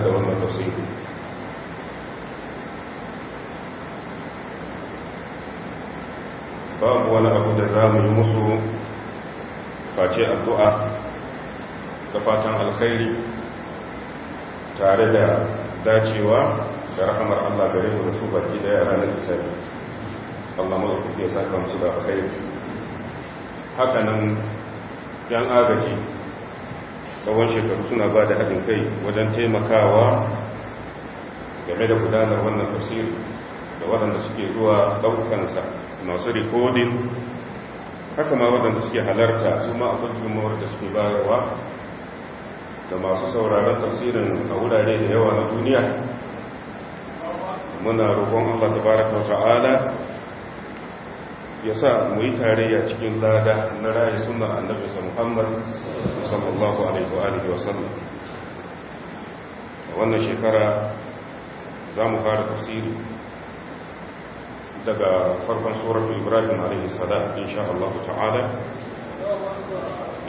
babu wani abu da za mu yi musu face addu'a da fatan alkhairi tare da dacewa da rahamar Allah gare mu da su baki da yara na isari Allah ya sa kamsu da alkhairi haka nan yan agaji tsawon shekaru suna ba da haɗin kai wajen taimakawa game da gudanar wannan tafsiri da waɗanda suke zuwa ɗaukansa masu rikodin haka ma waɗanda suke halarta su ma abin jimuwar da suke bayarwa da masu sauraron tafsirin a wurare da yawa na duniya muna roƙon Allah baraka wa ta'ala ya sa mu yi tarayya cikin lada na rayu suna annabi sa muhammad sallallahu alaihi wa A wannan shekara za mu fara tafsiri daga farkon tsoron ibrahim alaihi sada insha Allah ta'ala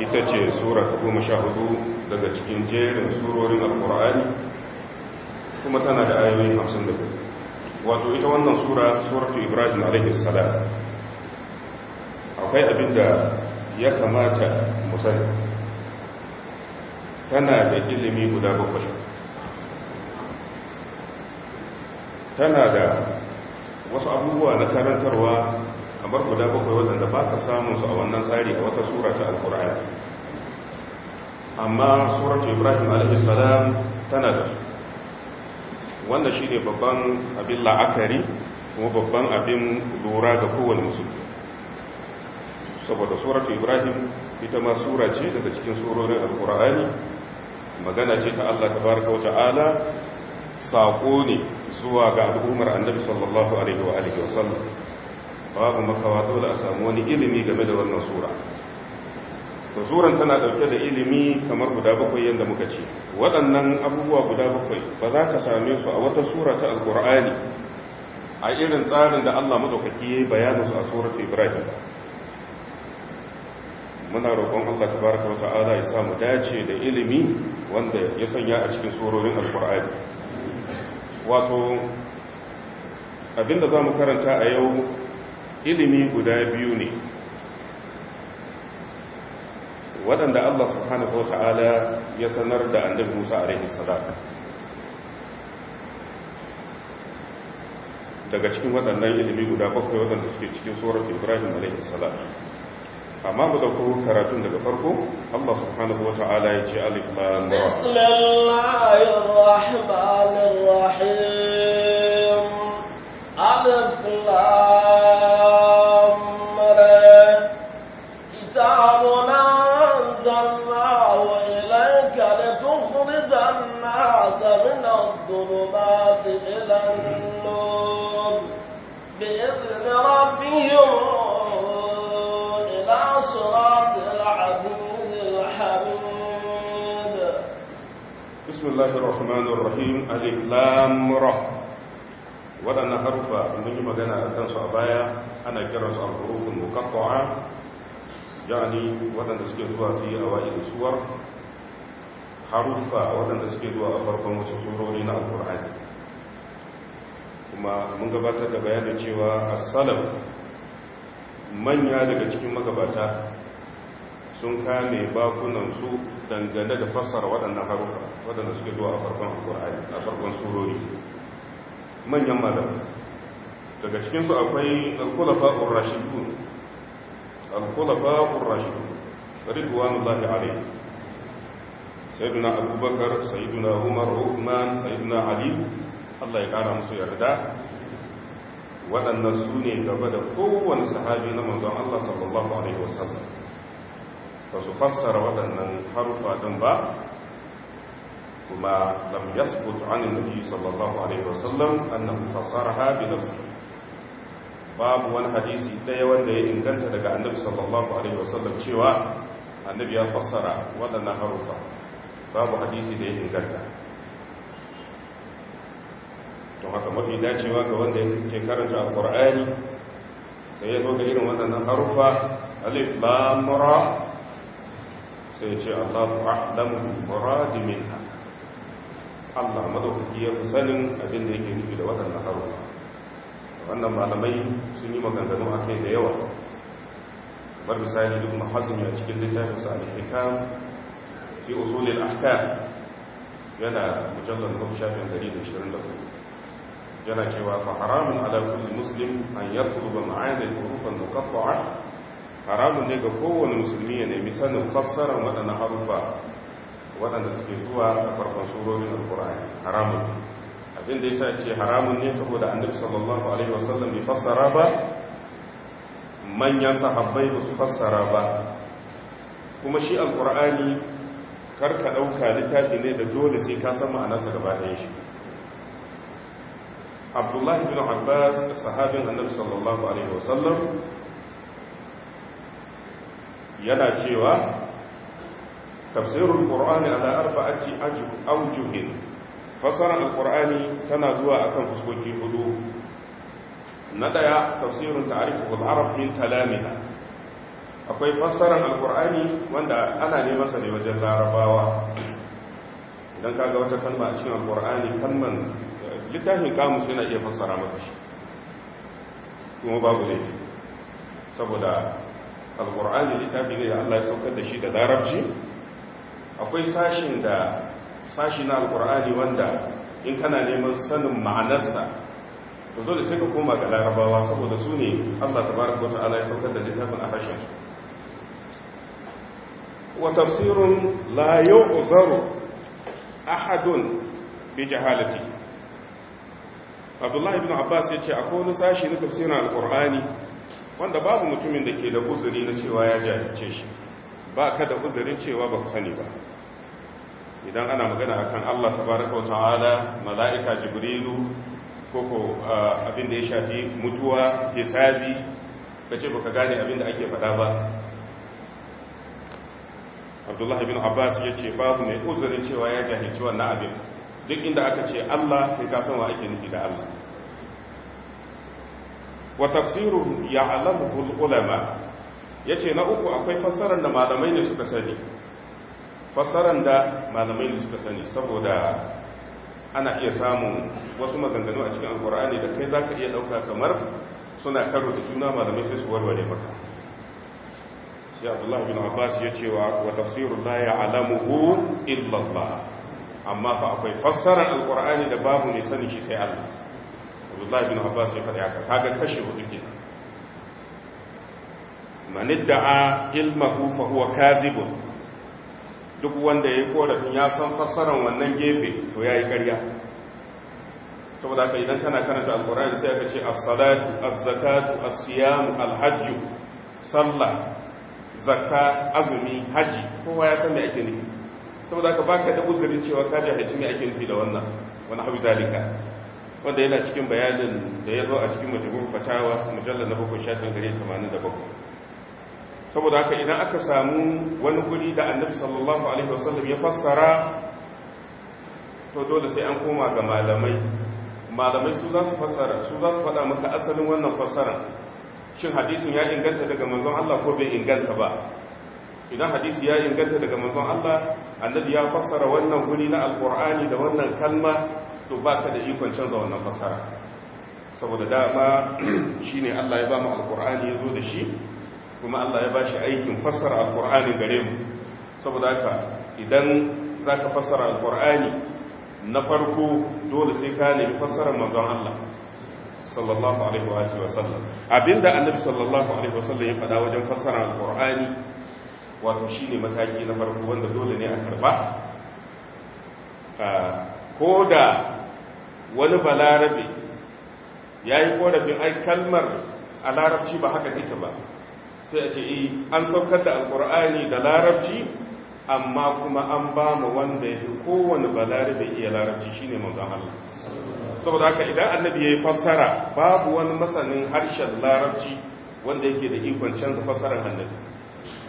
ita ce sura ta goma sha hudu daga cikin jerin surorin alkur'ani kuma tana da ayoyi hamsin da wato ita wannan sura suratu ibrahim alaihi sada akwai abin da ya kamata musani tana da ilimi guda bakwai tana da wasu abubuwa na karantarwa kamar guda bakwai waɗanda ba ka samun su a wannan tsari a wata sura ta alkur'ani amma suratu ibrahim alaihi salam tana da su wannan ne babban abin la'akari kuma babban abin lura ga kowane musulmi saboda surar ibrahim ita ma sura ce daga cikin surorin alkur'ani magana ce ta allah tabaraka wata'ala saƙo ne zuwa ga al'ummar annabi sallallahu alaihi wa alihi wasallam babu makawa dole a samu wani ilimi game da wannan sura to suran tana ɗauke da ilimi kamar guda bakwai yadda muka ce waɗannan abubuwa guda bakwai ba za ka same su a wata sura ta alkur'ani a irin tsarin da allah maɗaukaki ya yi bayanin su a surat ibrahim ba? muna roƙon Allah tabaraka wa ta'ala ya samu dace da ilimi wanda ya sanya a cikin surorin alqur'ani wato abinda zamu karanta a yau ilimi guda biyu ne waɗanda Allah subhanahu wa ta'ala ya sanar da annabi Musa alaihi salam daga cikin waɗannan ilimi guda bakwai waɗanda suke cikin surar Ibrahim alaihi salam amma mu dauko karatun daga farko Allah subhanahu wata'ala ya ce alif lam ra bismillahir rahmanir بسم الله الرحمن الرحيم mun yi magana a kansu a baya ana kiransu al-hurufun muqatta'a yani waɗanda suke zuwa fi awa'il suwar harufa waɗanda suke zuwa a farkon wasu surori na alkur'ani kuma mun gabatar da bayanin cewa as-salaf manya daga cikin magabata sun kame bakunansu dangane da fassara waɗannan harufa waɗanda suke zuwa a farkon alƙur'ani a farkon surori manyan malam daga cikinsu akwai alkulafa urashidu alkulafa urashidu ridwanu lahi alai sayyiduna abubakar sayyiduna umar uthman sayyiduna ali Allah ya kara musu yarda waɗannan su ne gaba da kowane sahabi na manzon Allah sallallahu alaihi wasallam ba su fassara waɗannan harufa ɗin ba kuma lam yasbut an nabi sallallahu alaihi wasallam annahu fassaraha bi nafsi babu wani hadisi ɗaya wanda ya inganta daga annabi sallallahu alaihi wasallam cewa annabi ya fassara waɗannan harufa babu hadisi da ya inganta to haka mafi dacewa ga wanda ya karanta alqur'ani sai ya zo ga irin waɗannan harufa alif lam ra sai ce Allahu a'lamu muradi minha Allah madaukaki ya fi sanin abin da yake nufi da waɗannan harufa wannan malamai sun yi maganganu a kai da yawa bar misali duk mahazumi a cikin littafin sa al-hikam fi usul al-ahkam yana mujallal na shafin 124 yana cewa fa haramun ala kulli muslim an yatruba ma'ani al-huruf al-muqatta'a haramun ne ga kowane musulmi ya nemi sanin fassarar waɗannan harufa waɗanda suke zuwa a farkon surorin alkur'ani haramun abin da sa ce haramun ne saboda annabi sallallahu alaihi wasallam bai fassara ba manyan sahabbai ba su fassara ba kuma shi alkur'ani karka ɗauka littafi ne da dole sai ka san ma'anarsa gaba ɗayan shi abdullahi bin abbas sahabin annabi sallallahu alaihi wasallam yana cewa tafsirul qur'ani ala arba'ati awjuhin fasara alqur'ani tana zuwa akan fuskoki hudu na daya tafsirul ta'riful arab min kalamiha akwai fassarar alqur'ani wanda ana ne masa ne wajen larabawa idan kaga wata kalma a cikin alqur'ani kalman littafin kamus yana iya fasara maka shi kuma babu laifi saboda alkur'ani littafi ne da Allah ya saukar da shi da larabci akwai sashin da sashi na alkur'ani wanda in kana neman sanin ma'anarsa to dole sai ka koma ga larabawa saboda su ne Allah wasu Allah ya saukar da littafin a harshen su wa tafsirun la yu'zaru ahadun bi jahalati Abdullahi ibn Abbas ce akwai wani sashi na tafsirin alkur'ani wanda babu mutumin da ke da uzuri na cewa ya jahilce shi ba ka da uzurin cewa ba ku sani ba idan ana magana a kan Allah baraka wa ta'ala mala'ika jibrilu koko abin da ya shafi mutuwa hisabi ba ka gane abin da ake faɗa ba Abdullahi bin Abbas ya ce babu mai uzurin cewa ya jahilci wannan abin duk inda aka ce Allah ya kasan wa ake nufi da Allah wa ya ya'lamuhu ulama yace na uku akwai fassarar da malamai ne suka sani fassarar da malamai ne suka sani saboda ana iya samun wasu maganganu a cikin alkur'ani da kai zaka iya dauka kamar suna karo da juna malamai sai su warware maka sai Abdullahi bin Abbas ya ce wa wa tafsirul la ya'lamuhu illa Allah amma fa akwai fassarar alkur'ani da babu ne sani shi sai Allah abdullahi bin abbas ya faɗi haka kaga kashe hudu ke man da'a ilmahu fa huwa kazibun duk wanda yayi korafin ya san fassaran wannan gefe to yayi karya. saboda haka idan kana karanta alqur'ani sai aka ce as-salatu az-zakatu as-siyam al-hajj sallah zakka azumi haji kowa ya san me ake nufi saboda haka baka da uzurin cewa ka jahilci me ake nufi da wannan wani hawi zalika wanda yana cikin bayanin da ya zo a cikin majibin fatawa mujallar na bakwai shafin gare 87 saboda haka idan aka samu wani guri da annabi sallallahu alaihi wasallam ya fassara to dole sai an koma ga malamai malamai su za su fassara su za su faɗa maka asalin wannan fassara shin hadisin ya inganta daga manzon Allah ko bai inganta ba idan hadisi ya inganta daga manzon Allah annabi ya fassara wannan guri na alqur'ani da wannan kalma to ba ka da ikon canza wannan fasara saboda dama shi ne Allah ya ba mu alkur'ani ya zo da shi kuma Allah ya ba shi aikin fassara alkur'ani gare mu saboda haka idan za ka fassara alkur'ani na farko dole sai ka nemi fassarar manzon Allah sallallahu alaihi wa sallam abinda annabi sallallahu alaihi wa sallam ya faɗa wajen fassara alkur'ani wato shine mataki na farko wanda dole ne a karba ah, ko da wani balarabe ya yi korafin ai kalmar a larabci ba haka take ba sai a ce eh, an saukar da alkur'ani da larabci amma kuma an ba mu wanda ya fi kowane balarabe iya larabci shine mazan Allah saboda haka idan annabi ya yi fassara babu wani masanin harshen larabci wanda yake da ikon canza fassarar annabi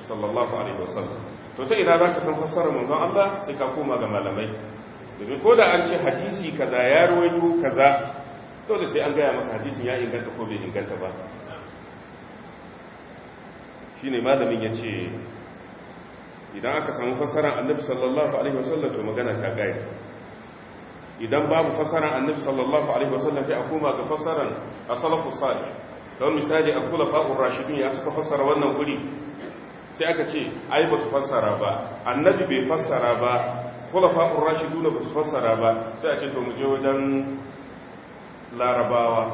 sallallahu alaihi wasallam to ta ina za ka san fassarar manzon Allah sai ka koma ga malamai domin ko da an ce hadisi kaza ya ruwaito kaza dole sai an gaya maka hadisin ya inganta ko bai inganta ba shi ne malamin ya ce idan aka samu fasaran annabi sallallahu alaihi wasallam to magana ta gaya idan babu fasaran annabi sallallahu alaihi wasallam sai a koma ga fasaran asalafu salih don misali al-khulafa'ur rashidun ya suka fasara wannan guri sai aka ce ai ba su fasara ba annabi bai fasara ba khulafa urashiduna ba su fassara ba sai a ce to mu je wajen larabawa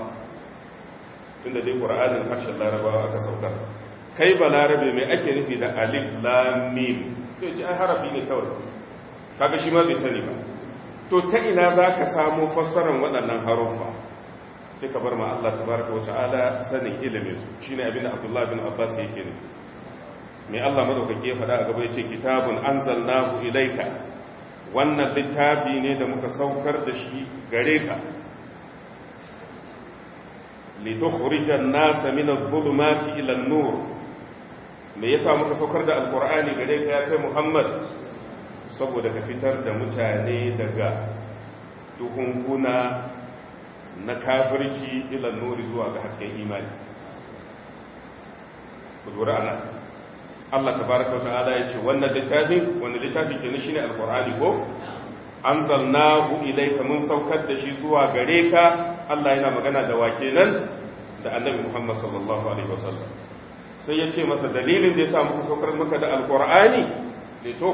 tunda dai qur'anin harshen larabawa aka saukar kai ba larabe mai ake nufi da alif lam mim to ji harafi ne kawai kaga shi ma bai sani ba to ta ina za ka samu fassarar waɗannan haruffa sai ka bar ma Allah tabaraka wa ta'ala sanin ilimin su shine abin da Abdullah bin Abbas yake nufi mai Allah madaukake ya faɗa a gaba yace kitabun anzalnahu ilayka wannan littafi ne da muka saukar da shi gare ka litukhrijan nasa min adh-dhulumati ila an-nur me yasa muka saukar da alqur'ani gare ka ya kai muhammad saboda ka fitar da mutane daga duhunkuna na kafirci ila nuri zuwa ga hasken imani Allah tabaraka wa ta'ala ya ce wannan littafin wannan littafin kenan ne alqur'ani ko anzalnahu ilayka mun saukar da shi zuwa gare ka Allah yana magana da wake nan da annabi Muhammad sallallahu alaihi wasallam sai ya ce masa dalilin da yasa muka saukar maka da alqur'ani da to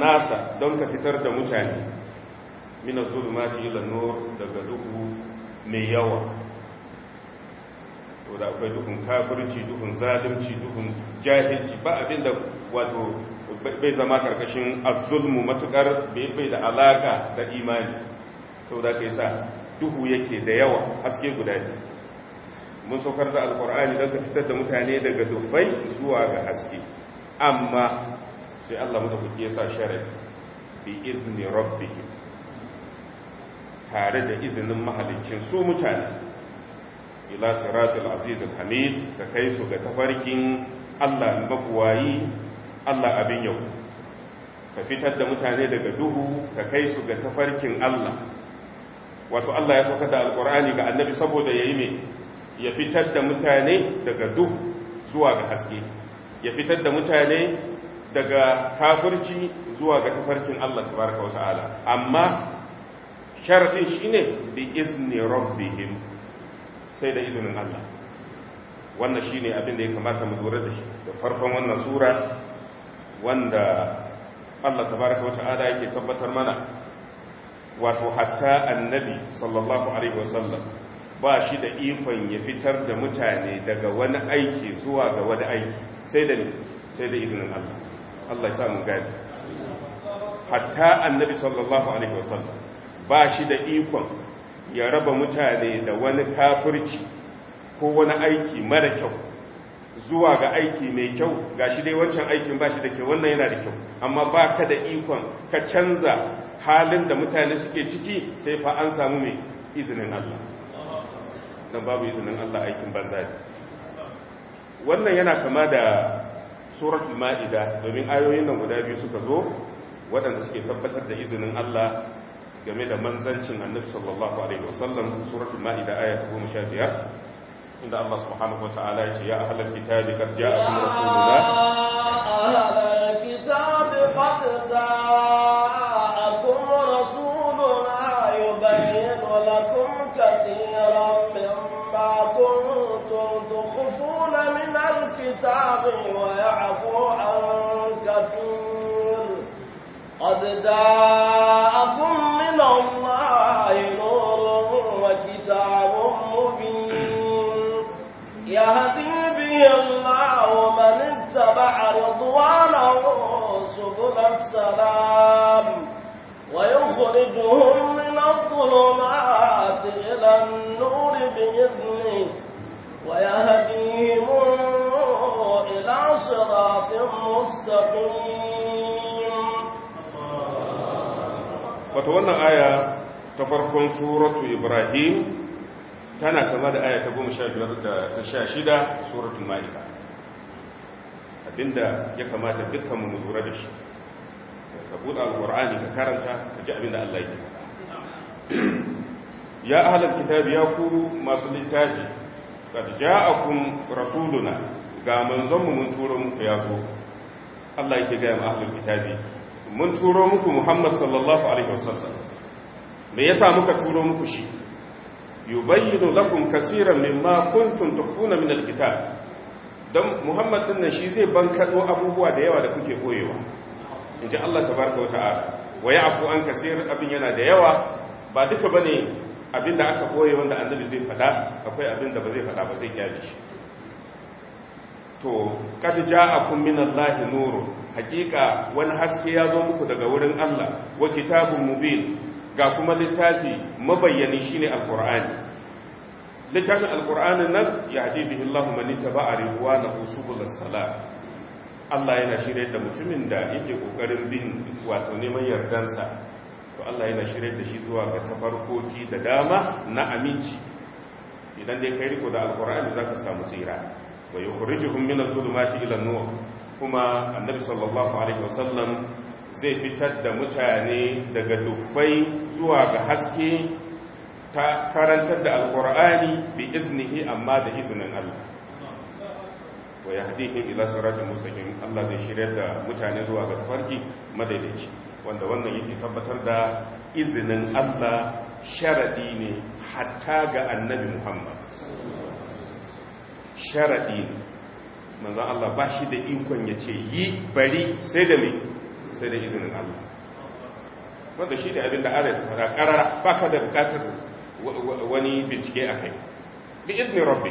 nasa don ka fitar da mutane min az-zulumati ila nur daga duhu mai yawa da akwai duhun kafirci duhun zalunci duhun jahilci ba abin da wato bai zama karkashin azulmu matukar bai da alaka da imani saboda kai sa duhu yake da yawa haske guda ne mun saukar da alkur'ani don ka fitar da mutane daga dufai zuwa ga haske amma sai Allah mu ya sa yasa bi izni rabbihim tare da izinin mahalicin su mutane ila siratul aziz hamid ka kai su ga tafarkin Allah mabuwayi Allah abin yau ka fitar da mutane daga duhu ka kai su ga tafarkin Allah wato Allah ya sauka da alqur'ani ga annabi saboda yayi me ya fitar da mutane daga duhu zuwa ga haske ya fitar da mutane daga kafirci zuwa ga tafarkin Allah tabaraka wa ta'ala amma sharadin shine bi izni rabbihim sai da izinin Allah wannan shine abin da ya kamata mu lura da shi da farkon wannan sura wanda Allah tabaraka wa ta'ala yake tabbatar mana wato hatta annabi sallallahu alaihi wasallam ba shi da ikon ya fitar da mutane daga wani aiki zuwa ga wani aiki sai da sai da izinin Allah Allah ya sa mu gani hatta annabi sallallahu alaihi wasallam ba shi da ikon ya raba mutane da wani kafirci ko wani aiki mara kyau zuwa ga aiki mai kyau ga shi dai wancan aikin ba shi da ke, wannan yana da kyau amma ba ka da ikon ka canza halin da mutane suke ciki sai fa an samu mai izinin Allah don babu izinin Allah aikin banza ne wannan yana kama da suratul ma'ida domin ayoyin nan guda biyu suka zo waɗanda suke tabbatar da izinin Allah game da manzancin annabi sallallahu alaihi wasallam suratul ma'ida aya 15 inda Allah subhanahu wataala ya ce ya ahlal kitabi qad ja'akum rasuluna ahlal kitabi qad ja'akum rasuluna yubayyinu lakum katiran mimma kuntum tukhfuna min al-kitabi wa ya'fu an kathir قد جاء يهدي الله من اتبع رضوانه سبل السلام ويخرجهم من الظلمات إلى النور بإذنه ويهديهم إلى صراط مستقيم wato آية تفرق سورة إبراهيم tana kama da aya ta goma sha biyar da ta sha shida suratul ma'ida abinda ya kamata dukkan mu lura da shi ka buɗe alƙur'ani ka karanta ka ji abinda Allah yake ya ahlal kitabi ya kuru masu littafi qad ja'akum rasuluna ga manzon mu mun turo muku ya zo Allah yake ga mu ahlul kitabi mun turo muku Muhammad sallallahu alaihi wasallam me yasa muka turo muku shi yubayyinu lakum kaseeran mimma kuntum tukhfuna min alkitab dan muhammad din nan shi zai bankaɗo abubuwa da yawa da kuke boyewa inji Allah tabaraka wata'ala wa ya'fu an kaseer abin yana da yawa ba duka bane abin da aka koye wanda annabi zai fada akwai abin da ba zai fada ba zai gyara shi to kadija ja'akum min Allahi nurun hakika wani haske ya zo muku daga wurin Allah wa kitabun mubin ga kuma littafi mabayyani shine alqur'ani littafin alqur'anin nan ya haɗe bihi Allahu na ittaba'a ridwanahu subul salam Allah yana shirye da mutumin da yake kokarin bin wato neman yardansa to Allah yana shirye da shi zuwa ga tafarkoki da dama na aminci idan dai kai riko da alqur'ani zaka samu tsira wa yukhrijuhum min adh-dhulumati ila an kuma annabi sallallahu alaihi wasallam zai fitar da mutane daga dufai zuwa ga haske ta karantar da alkur'ani bi iznihi amma da izinin Allah wa yahdihim ila siratin mustaqim Allah zai shirya da mutane zuwa ga farki madaidaici wanda wannan yake tabbatar da izinin Allah sharadi ne hatta ga annabi Muhammad sharadi ne manzon Allah ba shi da ikon ya ce yi bari sai da mai sai da izinin Allah wanda shi da abin da Allah ya fara karara ba ka da bukatar wani bincike a kai bi izinin rabbi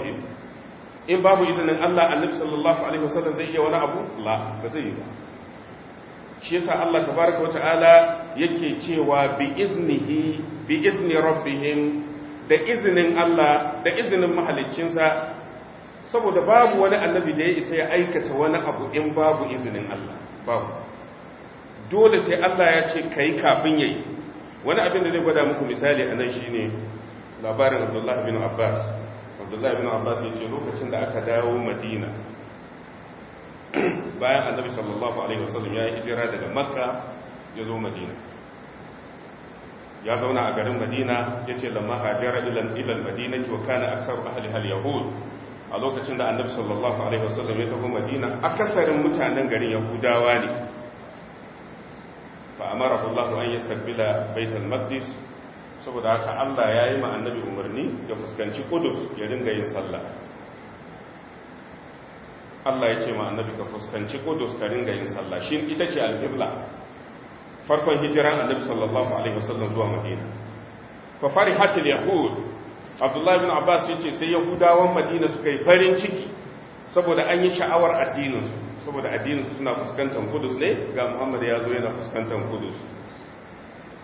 in babu izinin Allah annabi sallallahu alaihi wasallam zai iya wani abu la ba zai yi ba shi yasa Allah tabaraka wa ta'ala yake cewa bi iznihi bi izni rabbihim da izinin Allah da izinin mahaliccinsa saboda babu wani annabi da ya isa ya aikata wani abu in babu izinin Allah babu dole sai Allah ya ce ka yi kafin ya yi wani abin da zai gwada muku misali a nan shi ne labarin abdullahi bin abbas abdullahi bin abbas ya ce lokacin da aka dawo madina bayan annabi sallallahu alaihi wasallam ya yi hijira daga makka ya zo madina ya zauna a garin madina ya ce lamma hajjara ilal madina ki wa kana aksar ahli hal yahud a lokacin da annabi sallallahu alaihi wasallam ya tafi madina akasarin mutanen garin yahudawa ne fa'amara Allah an yastaqbila baitul maqdis saboda haka Allah ya yi ma annabi umarni ya fuskanci kudus ya ringa yin sallah Allah ya ce ma annabi ka fuskanci kudus ka ringa yin sallah shi ita ce alƙibla farkon hijiran annabi sallallahu alaihi wasallam zuwa madina fa farihatul yahud abdullahi ibn abbas yace sai yahudawan madina suka yi farin ciki saboda an yi sha'awar addininsu saboda addininsu suna fuskantar kudus ne ga muhammad ya zo yana fuskantar kudus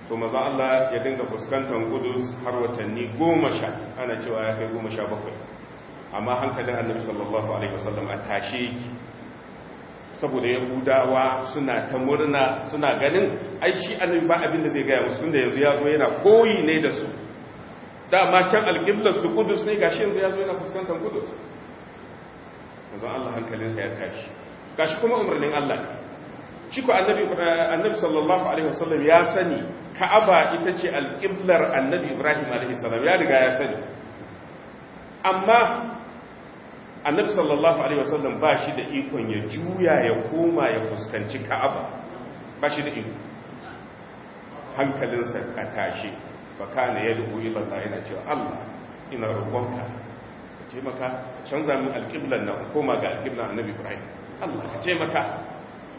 to maza Allah ya dinga fuskantar kudus har watanni goma sha ana cewa ya kai goma sha bakwai amma hankalin annabi sallallahu alaihi wasallam a tashe yake saboda yahudawa suna ta murna suna ganin ai shi annabi ba abin da zai gaya musu tunda yanzu ya zo yana koyi ne da su dama can alƙiblar su kudus ne gashi yanzu ya zo yana fuskantar kudus manzon Allah hankalinsa ya tashi gashi kuma umarnin Allah shi ko annabi annabi sallallahu alaihi wasallam ya sani ka'aba ita ce alqiblar annabi ibrahim alaihi salam ya riga ya sani amma annabi sallallahu alaihi wasallam ba shi da ikon ya juya ya koma ya fuskanci ka'aba ba shi da iko hankalinsa ka tashi fa kana yad'u ila Allah yana cewa Allah ina roƙonka taimaka ka canza min alƙiblan na koma ga alƙiblan annabi ibrahim Allah ka taimaka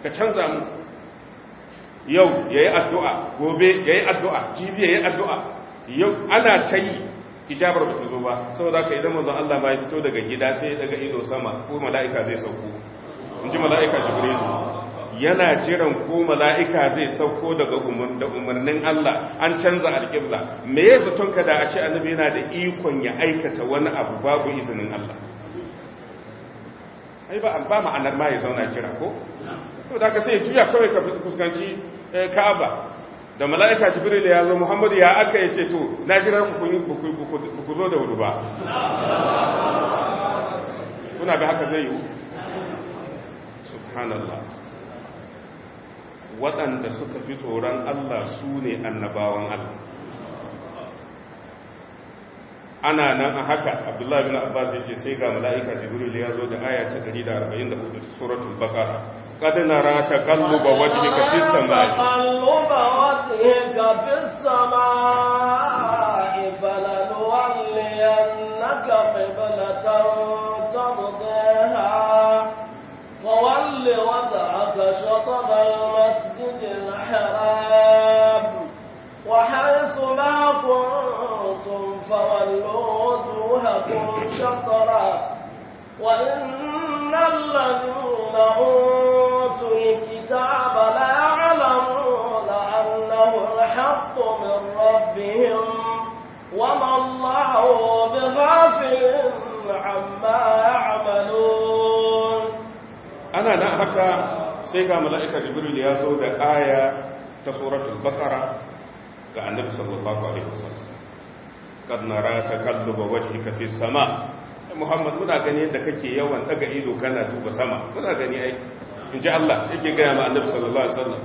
ka canza mu yau yayi addu'a gobe yayi addu'a jibi yayi addu'a yau ana ta yi ijabar ba ta zo ba saboda ka idan manzon Allah ba ya fito daga gida sai daga ido sama ko mala'ika zai sauko in ji mala'ika jibrilu yana jiran ko mala'ika zai sauko daga umarnin Allah an canza alƙibla me ya zaton ka da a ce annabi yana da ikon ya aikata wani abu babu izinin Allah ai ba ba ma'anar ma ya zauna jira ko to da ka sai juya kawai ka fuskanci eh, Ka'aba da mala'ika jibril ya zo Muhammadu ya aka ce to na jira ku ku zo da wuri ba kuna bi haka zai yi subhanallah waɗanda suka fi tsoron Allah su ne annabawan Allah ana nan a haka abdullahi bin abbas ya ce sai ga mala'ika jibril ya zo da aya ta 144 suratul baqara qad nara taqalluba wajhika fis samai taqalluba wajhika fis samai fala خطب المسجد الحرام وحيث ما كنتم فولوا وجوهكم شطرا وإن الذين أوتوا الكتاب لا يعلمون أنه الحق من ربهم وما الله بغافل عما يعملون أنا لا نعمك sai ga mala'ika jibril ya zo da aya ta suratun bakara ga annabi sallallahu alaihi wasallam kad nara takalluba ka fi sama muhammad muna gani yadda kake yawan daga ido kana duba sama muna gani ai in ji Allah yake gaya ma annabi sallallahu alaihi wasallam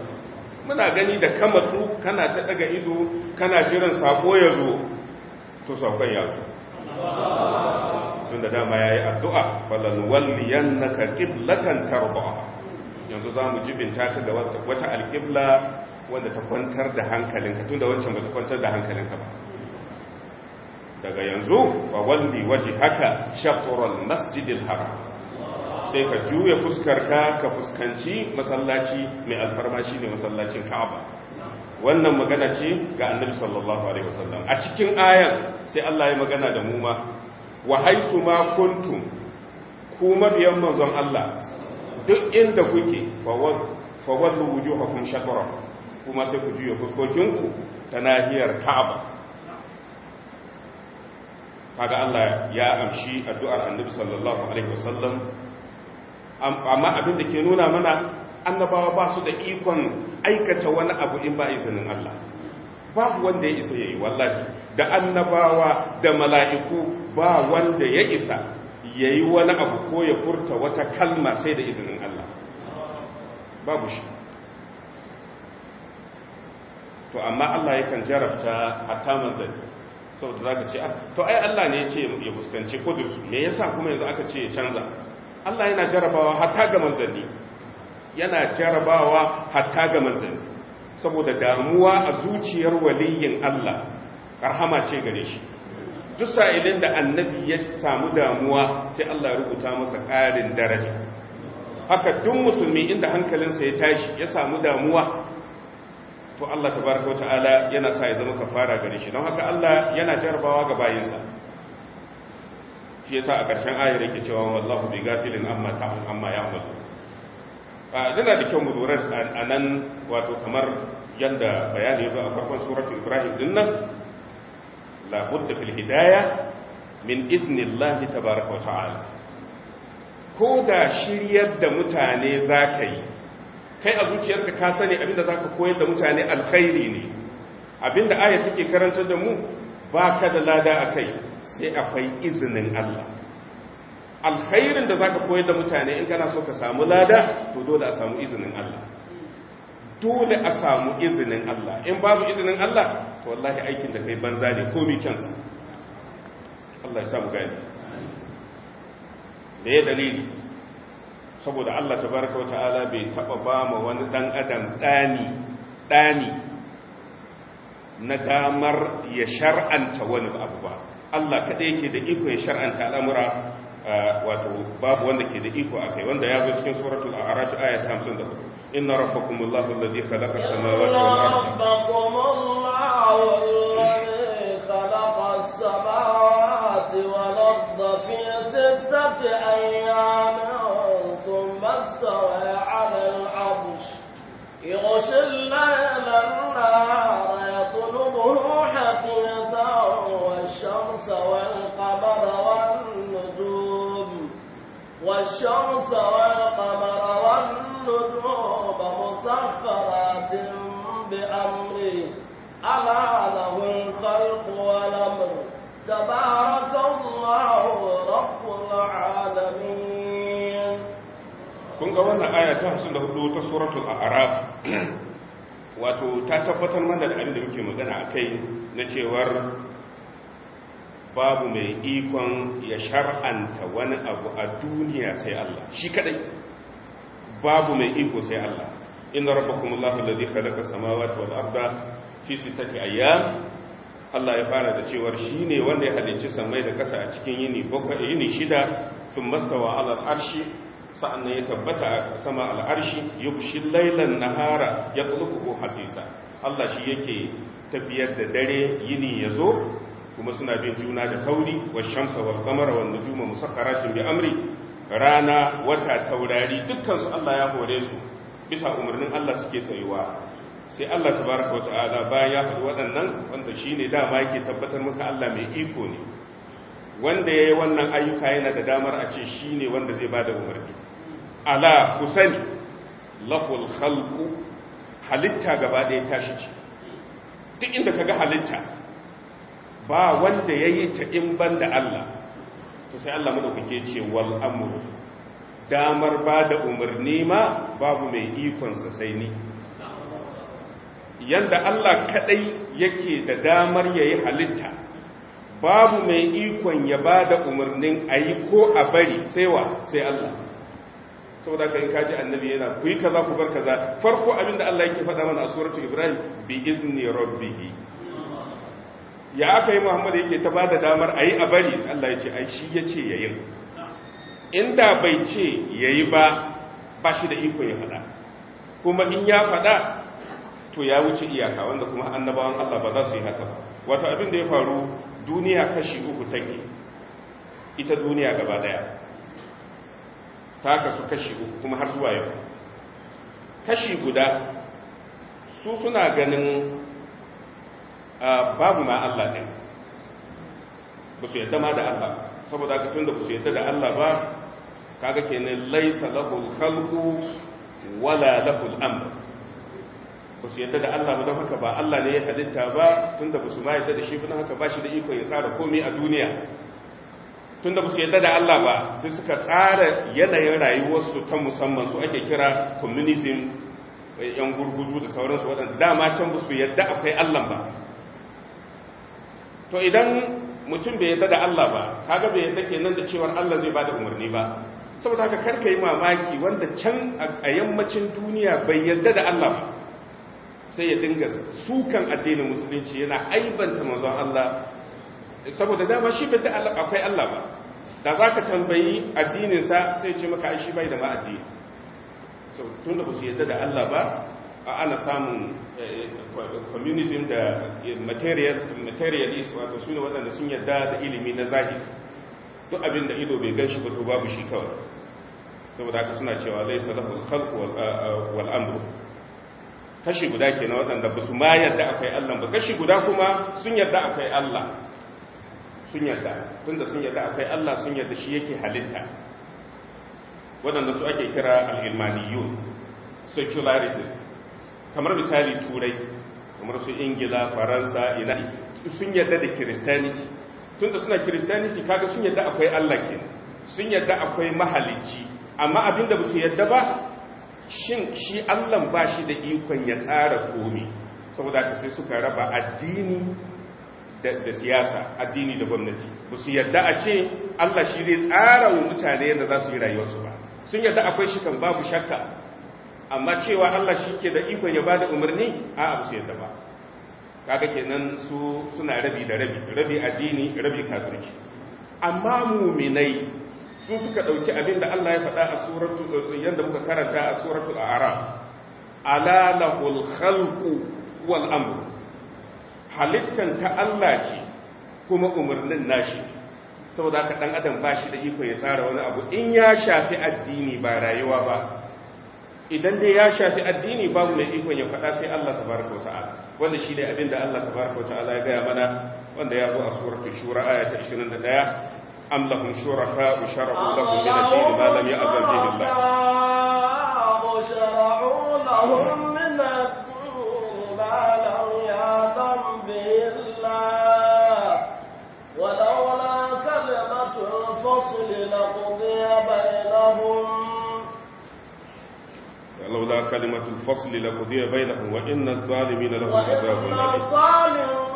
muna gani da kamatu kana ta daga ido kana jiran sako ya zo to saukan ya zo tun da dama ya yi addu'a falan walliyannaka qiblatan tarba'a yanzu za mu jibinta ka da wata alƙibla wanda ta kwantar da hankalinka tun da wancan ba ta kwantar da hankalinka ba daga yanzu ba walli waje haka shafurar masjidil haram sai ka juya fuskarka ka fuskanci masallaci mai alfarma shi ne masallacin ka'aba wannan magana ce ga annabi sallallahu alaihi wasallam a cikin ayan sai Allah ya magana da mu ma wa haisu ma kuntum ku mabiyan manzon Allah duk inda kuke fawallu wujuhakum shatara kuma sai ku juya fuskokinku ta nahiyar Ka'aba kaga Allah ya amshi addu'ar Annabi sallallahu alaihi wasallam amma abin da ke nuna mana annabawa ba su da ikon aikata wani abu in ba izinin Allah babu wanda ya isa yayi wallahi da annabawa da mala'iku ba wanda ya isa ya yi wani abu ko ya furta wata kalma sai da izinin Allah babu shi to amma Allah yakan jarabta hatta manzanni saboda za ka ce ah, to ai Allah ne ya ce ya fuskanci kudus me yasa kuma yanzu aka ce ya canza Allah yana jarabawa hatta ga manzanni yana jarabawa hatta ga manzanni saboda damuwa a zuciyar waliyin Allah rahama ce gare shi duk sa'ilin da annabi ya samu damuwa sai Allah rubuta masa ƙarin daraja haka duk musulmi inda hankalinsa ya tashi ya samu damuwa to Allah tabaraka wata'ala yana sa ya zama kafara gare shi don haka Allah yana jarabawa ga bayinsa shi yasa a ƙarshen ayar yake cewa wallahu bi gafilin amma ta, amma mutu a yana da kyau mu lura nan wato kamar yanda bayani ya zo a farkon suratul ibrahim din nan labudda fil hidaya min iznillahi tabaraka wa ta'ala ko da shiryar da mutane za ka yi kai a zuciyarka ka sani abinda za ka koyar da mutane alkhairi ne abinda aya take karantar da mu ba ka da lada a kai sai akwai izinin Allah alkhairin da za ka koyar da mutane in kana so ka samu lada to dole a samu izinin Allah dole a samu izinin Allah in babu izinin Allah wallahi aikin da kai banza ne ko mikinsa Allah ya sa samu gani da ya dalili saboda Allah ta baraka wa ta'ala bai taɓa ba ma wani ɗan adam ɗani ɗani na damar ya shar'anta wani abu ba Allah kaɗai yake da iko ya shar'anta al'amura ah, wato babu wanda ke da iko a kai wanda ya zo cikin suratul a'raf ayat 54 إن ربكم الله الذي خلق السماوات والأرض إن ربكم الله الذي خلق السماوات والأرض في ستة أيام ثم استوى على العرش يغشي الليل النهار يطلبه حثيثا والشمس والقمر والنجوم والشمس والقمر النجوم مسخرات بأمره ألا له الخلق والأمر تبارك الله رب العالمين كنت أولا آية تحسن له دوت سورة الأعراف wato ta tabbatar mana da abin da muke magana akai na cewar babu mai ikon ya shar'anta wani abu a duniya sai Allah shi kadai babu mai iko sai Allah inna rabbakum Allahu alladhi khalaqa samawati wal arda fi sittati ayyam Allah ya fara da cewar shine wanda ya halicci samai da kasa a cikin yini bakwai yini shida sun mastawa ala arshi sa'annan ya tabbata a sama al arshi yubshi laylan nahara yatlubu hasisa Allah shi yake tafiyar da dare yini ya zo kuma suna bin juna da sauri wa shamsa wal qamara wan nujuma musakkaratin bi amri rana wata taurari dukkansu Allah ya hore su bisa umarnin Allah suke tsayuwa sai Allah tabaraka wata ala bayan ya faɗi waɗannan wanda shine dama yake tabbatar maka Allah mai iko ne wanda yayi wannan ayyuka yana da damar a ce shi ne wanda zai bada umarni ala kusani lahul khalqu halitta gaba ɗaya tashi ce duk inda kaga halitta ba wanda yayi ta in da Allah to sai Allah madaukake ce wal amru damar ba da umarni ma babu mai ikon sa sai ni yanda Allah kadai yake da damar yayi halitta babu mai ikon ya ba da umarnin ayi ko a bari sai wa sai Allah saboda ka ji kaji annabi yana ku yi kaza ku bar kaza farko abin Allah yake faɗa mana a suratul ibrahim bi izni rabbihi ya aka yi Muhammadu yake ta ba da damar a yi a bari allah ya ce ai shi ya ce yayin inda bai ce ya yi ba ba shi da iko ya faɗa kuma in ya faɗa to ya wuce iyaka wanda kuma annabawan allah ba za su yi haka ba wata abin da ya faru duniya kashi uku ke, ita duniya gaba daya ta kasu kashi uku kuma har zuwa yau kashi guda su suna ganin babu ma Allah ɗin ba su yadda ma da Allah saboda haka tun da ba su yadda da Allah ba kaga kenan laisa lahul khalqu wala lahul amr ba su yadda da Allah ba don haka ba Allah ne ya halitta ba tun da ba su ma yadda da shi ba haka ba shi da iko ya tsara komai a duniya tun da ba su yadda da Allah ba sai suka tsara yanayin rayuwarsu ta musamman su ake kira communism eh, yan gurguzu da sauransu waɗanda dama can ba su yadda akwai Allah ba to idan mutum bai yadda da Allah ba kaga bai ke nan da cewar Allah zai bada umarni ba saboda haka karka yi mamaki wanda can a yammacin duniya bai yadda da Allah ba sai ya dinga sukan addinin musulunci yana aibanta manzon Allah saboda dama shi bai da Allah akwai Allah ba da za ka tambayi addininsa sa sai ce maka shi bai da ma addini tunda ba su yarda da Allah ba ana samun eh, communism da materialist wato su ne waɗanda sun yarda da ilimi na zahiri duk abin da ido bai gan shi ba to babu shi kawai saboda haka suna cewa laisa lahul khalq wal eh, eh, kashi guda ke na waɗanda ba su ma yarda akwai Allah ba kashi guda kuma sun yarda akwai Allah sun yarda tunda sun yarda akwai Allah sun yarda shi yake halitta waɗanda su ake kira al-ilmaniyun secularism kamar misali turai kamar su ingila faransa ina sun yadda da kiristaniti da suna kiristaniti kaga sun yadda akwai allake sun yadda akwai mahalicci amma abinda ba su yadda ba shin shi allan ba shi da ikon ya tsara komi saboda ka sai suka raba addini da siyasa addini da gwamnati ba su yadda a ce allah shi zai tsara wa mutane yadda za su yi rayuwarsu ba sun yadda akwai shi kan babu shakka amma cewa Allah shi ke da ikon ya ba da umarni a abu sai ba kaga kenan su suna rabi da rabi rabi addini rabi kafirci amma muminai su suka dauki abin da Allah ya faɗa a suratu yanda muka karanta a suratul a'raf ala lahul khalqu wal amru halittan ta Allah ce kuma umarnin nashi saboda ka dan adam bashi da iko ya tsara wani abu in ya shafi addini ba rayuwa ba idan dai ya shafi addini babu mai ikon ya faɗa sai Allah tabaraka wa ta'ala wanda shi ne abinda allah Allah tabaraka wa ta'ala ya gaya mana wanda ya zo a suratul shura aya ta 21 am lahum shuraka wa shara'u lahum min ad-din ma lam ya'zan bihi Allah لولا كلمة الفصل لقضي بينهم وإن الظالمين لهم عذاب أليم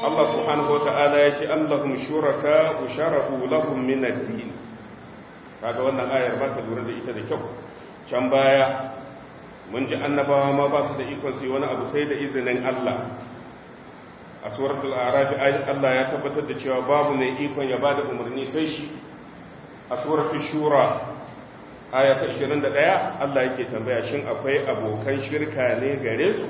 Allah subhanahu wa ta'ala ya ce, Allahun shuraka, ushara'u lahun minaddin. Kaga wannan ayar ba ka lura da ita da kyau. Can baya, mun ji annabawa ma ba su da ikon su wani abu sai da izinin Allah. A suratul Arafi, Allah ya tabbatar da cewa babu mai ikon ya bada umarni sai shi. a suratul shura aya ta 21 Allah yake tambaya shin akwai abokan shirka ne gare su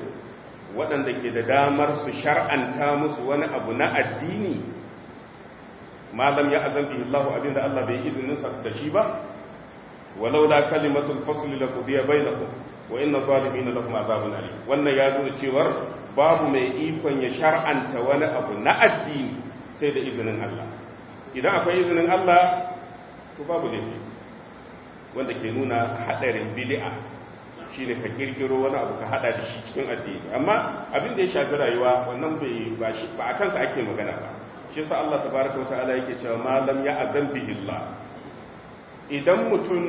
waɗanda ke da damar su shar'anta musu wani abu na addini malam ya azan bihi Allah abin da Allah bai izinin sa da shi ba walau la kalimatul fasl la qudiya bainakum wa inna zalimin lahum azabun alim wannan ya zo cewa babu mai ikon ya shar'anta wani abu na addini sai da izinin Allah idan akwai izinin Allah to babu laifi wanda ke nuna hadarin bid'a ne ka kirkiro wani abu ka hada da shi cikin addini amma abin da ya shafi rayuwa wannan bai ba ba a kansa ake magana ba shi yasa Allah tabaraka wa ta'ala yake cewa ma lam azan billah idan mutum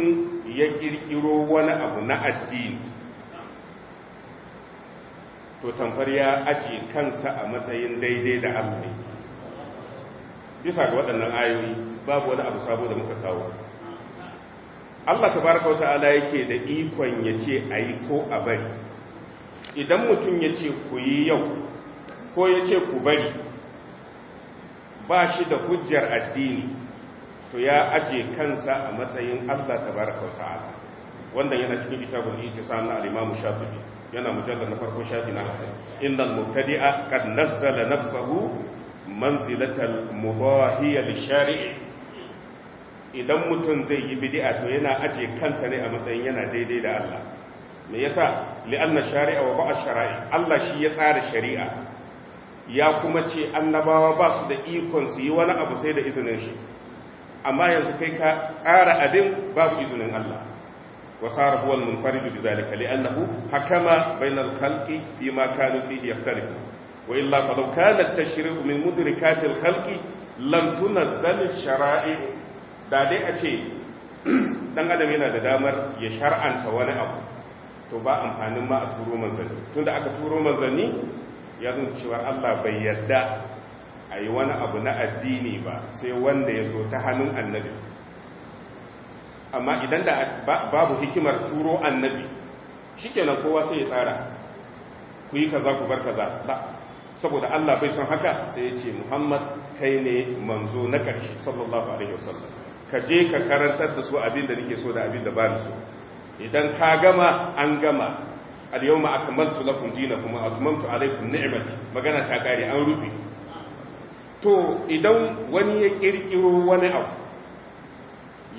ya kirkiro wani abu na addini to tamfar ya aje kansa a matsayin daidai da Allah bisa ga waɗannan ayoyi babu wani abu sabo da muka kawo Allah baraka wa ta'ala yake da ikon ya ce a yi ko a bari idan mutum ya ce ku yi yau ko ya ce ku bari ba shi da hujjar addini to ya aje kansa a matsayin Allah baraka wa ta'ala wanda yana cikin kitabul ijtisam na al-Imam Shafi'i yana mujallar na farko shafi na hasan innal mubtadi'a qad nazzala nafsahu manzilatal mudahiya lish idan mutum zai yi bidi'a to yana aje kansa ne a matsayin yana daidai da Allah me yasa li'anna shari'a wa ba'a shara'i Allah shi ya tsara shari'a ya kuma ce annabawa ba su da ikon su yi wani abu sai da izinin shi amma yanzu kai ka tsara abin babu izinin Allah wa sara huwa al-munfarid bi zalika li'annahu hakama bainal khalqi fi ma kanu fihi yaftariqu wa illa fa law kana at-tashri'u min mudrikati al-khalqi lam tunazzal al-shara'i da dai a ce dan adam yana da damar ya shar'anta wani abu to ba amfanin ma a turo manzanni tunda aka turo manzanni ya nuna cewa Allah bai yarda a yi wani abu na addini ba sai wanda ya zo ta hannun annabi amma idan da babu hikimar turo annabi shi shikenan kowa sai ya tsara ku yi kaza ku bar kaza ba saboda Allah bai san haka sai ya ce Muhammad kai ne manzo na ƙarshe sallallahu alaihi wasallam ka je ka karantar da su abin da nake so da abin da ba so idan ka gama an gama al-yawma akmaltu lakum dinakum wa atmamtu alaykum ni'mati magana ta kare an rufe to idan wani ya kirkiro wani abu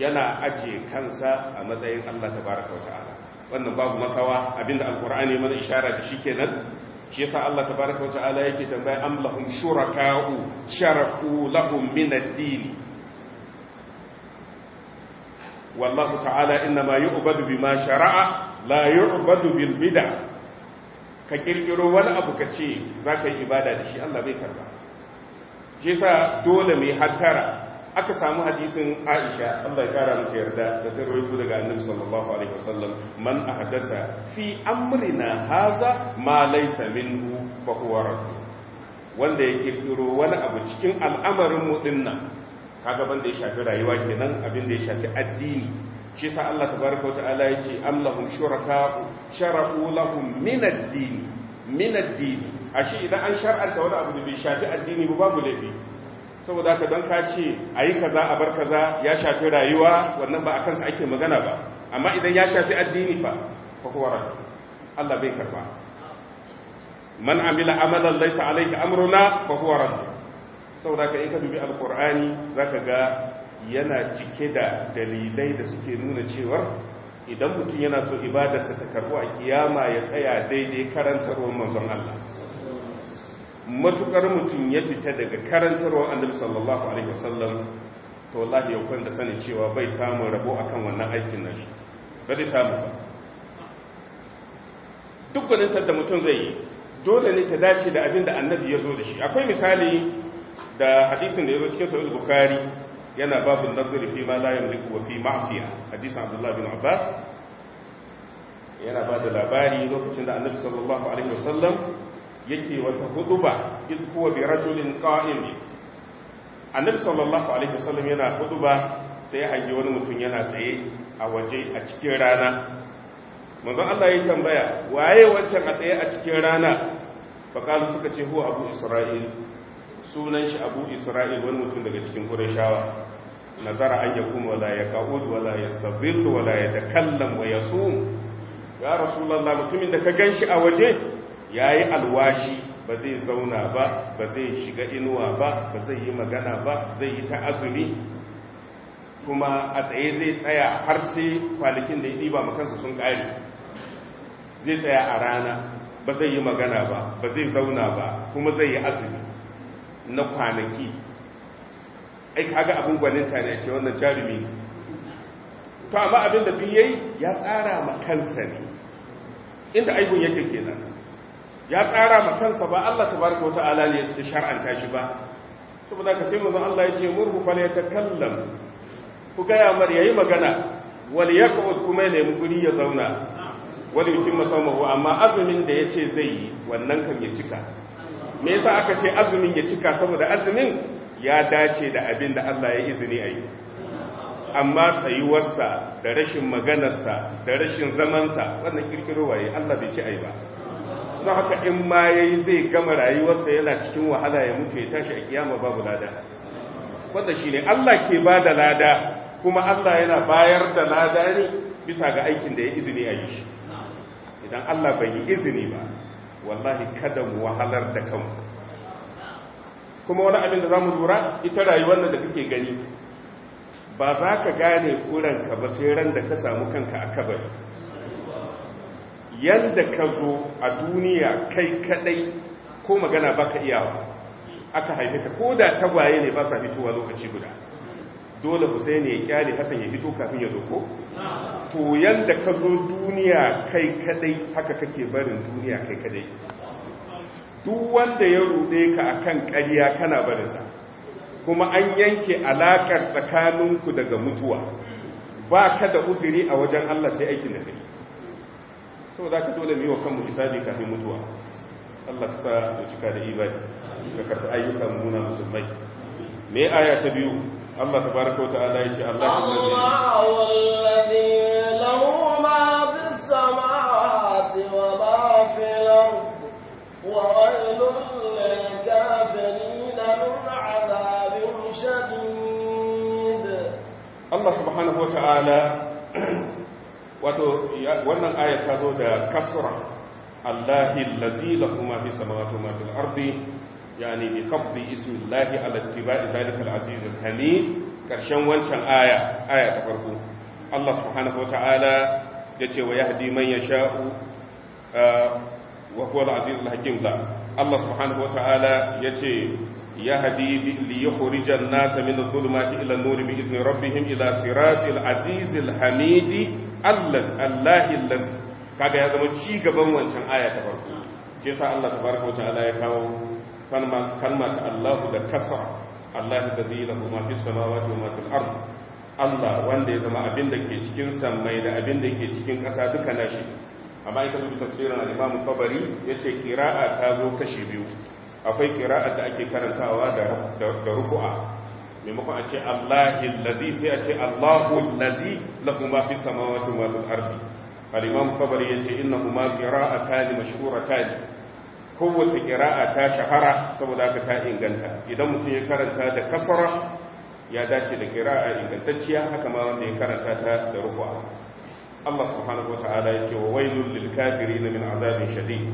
yana ajiye kansa a matsayin Allah tabaraka ta'ala wannan babu makawa abinda alqur'ani mana ishara da shi kenan shi yasa Allah tabaraka wata'ala yake tambaya am lahum shuraka'u sharaku lahum min ad-din wallahu ta'ala ma yu'badu bima shara'a la yu'badu bil bid'a ka kirkiro wani abu ka ce za ka yi ibada da shi Allah bai karba shi sa dole mai hattara aka samu hadisin Aisha Allah ya kara mu yarda da ta rawaito daga Annabi sallallahu alaihi wasallam man ahdasa fi amrina haza ma laysa minhu fa huwa wanda ya kirkiro wani abu cikin al'amarin mu dinnan kaga ban da ya shafi rayuwa kenan abin da ya shafi addini shi sa Allah tabaraka wa ta'ala ya ce am shuraka sharahu lahum min ad-din min ad idan an shar'anta wani abu da bai shafi addini ba babu laifi saboda ka dan ka ce ayi kaza a bar kaza ya shafi rayuwa wannan ba a kansa ake magana ba amma idan ya shafi addini fa fa huwa Allah bai karba man amila amalan laysa alayhi amruna fa huwa radd saboda ka yi ka dubi alkur'ani za ka ga yana cike da dalilai da suke nuna cewar idan mutum yana so ibadarsa ta karbo a kiyama ya tsaya daidai karantarwar manzon Allah matukar mutum ya fita daga karantarwar annabi sallallahu alaihi wasallam to wallahi ya kwanta sanin cewa bai samun rabo akan wannan aikin nashi ba zai samu ba duk gwanintar da mutum zai yi dole ne ta dace da abin da annabi ya zo da shi akwai misali da hadisin da ya zo cikin sahih bukhari yana babu nazari fi ma la yamliku wa fi ma'siya hadisin abdullah bin abbas yana ba da labari lokacin da annabi sallallahu alaihi wasallam yake wata huduba id huwa bi rajulin qa'im annabi sallallahu alaihi wasallam yana huduba sai ya wani mutum yana tsaye a waje a cikin rana manzon Allah ya tambaya waye wancan a tsaye a cikin rana kalu suka ce huwa abu isra'il sunan shi abu isra'il wani mutum daga cikin shawa nazara an yi kuma wala ya ka'ud wala ya wala ya takallam wa ya ya rasulallah mutumin da ka gan shi a waje ya yi alwashi ba zai zauna ba ba zai shiga inuwa ba ba zai yi magana ba zai yi ta azumi kuma a tsaye zai tsaya har sai kwalikin da ya ɗiba makansa sun ƙare zai tsaya a rana ba zai yi magana ba ba zai zauna ba kuma zai yi azumi na kwanaki ai kaga abin gwaninta ne ce wannan jarumi to amma abin da bin yayi ya tsara ma kansa ne inda aibun yake kenan ya tsara ma kansa ba Allah tabaraka wataala ne ya shar'anta shi ba saboda ka sai mu Allah ya ce murhu la yatakallam ku ga yamar yayi magana wal yaqud kuma ne mu guri ya zauna wal yutimma sawmahu amma azumin da yace zai yi wannan kan ya cika me yasa aka ce azumin ya cika saboda azumin ya dace da abin da Allah ya izini a yi amma tsayuwarsa da rashin maganarsa da rashin zamansa wannan kirkiro waye Allah bai ci yi ba don haka in ma ya yi zai gama rayuwarsa yana cikin wahala ya mutu ya tashi a kiyama babu lada wanda shi ne Allah ke ba da lada kuma Allah yana bayar da lada ne bisa ga aikin da ya izini a yi shi idan Allah bai yi izini ba wallahi kada mu wahalar da kanmu kuma wani abin da za mu lura ita rayuwar da kake gani ba za ka gane ka ba sai ran da ka samu kanka a kabari yadda ka zo a duniya kai kadai ko magana baka iyawa aka haife ka ko da tagwaye ne ba sa fitowa lokaci guda dole husaini ya kyale hassan ya fito kafin ya doko to yanda ka zo duniya kai kadai haka kake barin duniya kai kadai duk wanda ya rude ka akan ƙarya kana barinsa kuma an yanke alaƙar tsakaninku daga mutuwa ba ka da uzuri a wajen Allah sai aikin da kai sau za ka dole miwa kanmu ne kafin mutuwa Allah ka sa da cika da ibadi ka karfi ayyukan muna musulmai me aya ta biyu Allah tabaraka ta'ala yake Allah allazi lahu wa Allah subhanahu wa ta'ala wato wannan aya ta zo da kasra Allahi allazi lahu ma fis samawati yani bi qabdi ismillahi ala ittiba'i al aziz al-hamid karshen wancan aya aya ta farko Allah subhanahu wataala yace wa yahdi man yasha'u wa huwa al-aziz al-hakim la Allah subhanahu wataala yace yahdi li yukhrija an-nasa min adh-dhulumati ila an-nur bi izni rabbihim ila al aziz al-hamid allazi allazi kaga ya zama ci gaban wancan aya ta farko shi yasa Allah tabaraka wataala ya kawo kalma ta Allahu da kasa Allah da zai lahu ma fi samawati wa ma fil ard Allah wanda ya zama abin da ke cikin sammai da abin da ke cikin ƙasa duka na shi amma in ka dubi tafsirin al-Imam Tabari yace qira'a ta zo kashi biyu akwai qira'a da ake karantawa da da rufu'a maimakon a ce Allahi lazi sai a ce Allahu lazi lahu ma fi samawati wa ma fil ard al-Imam Tabari yace innahu ma qira'atan mashhuratani kowace ƙira'a ta shahara saboda haka ta inganta idan mutum ya karanta da kasara ya dace da kira'a ingantacciya haka ma wanda ya karanta ta da rufa Allah subhanahu wata'ala ya ce wa wailul lil kafirin min azabin shadid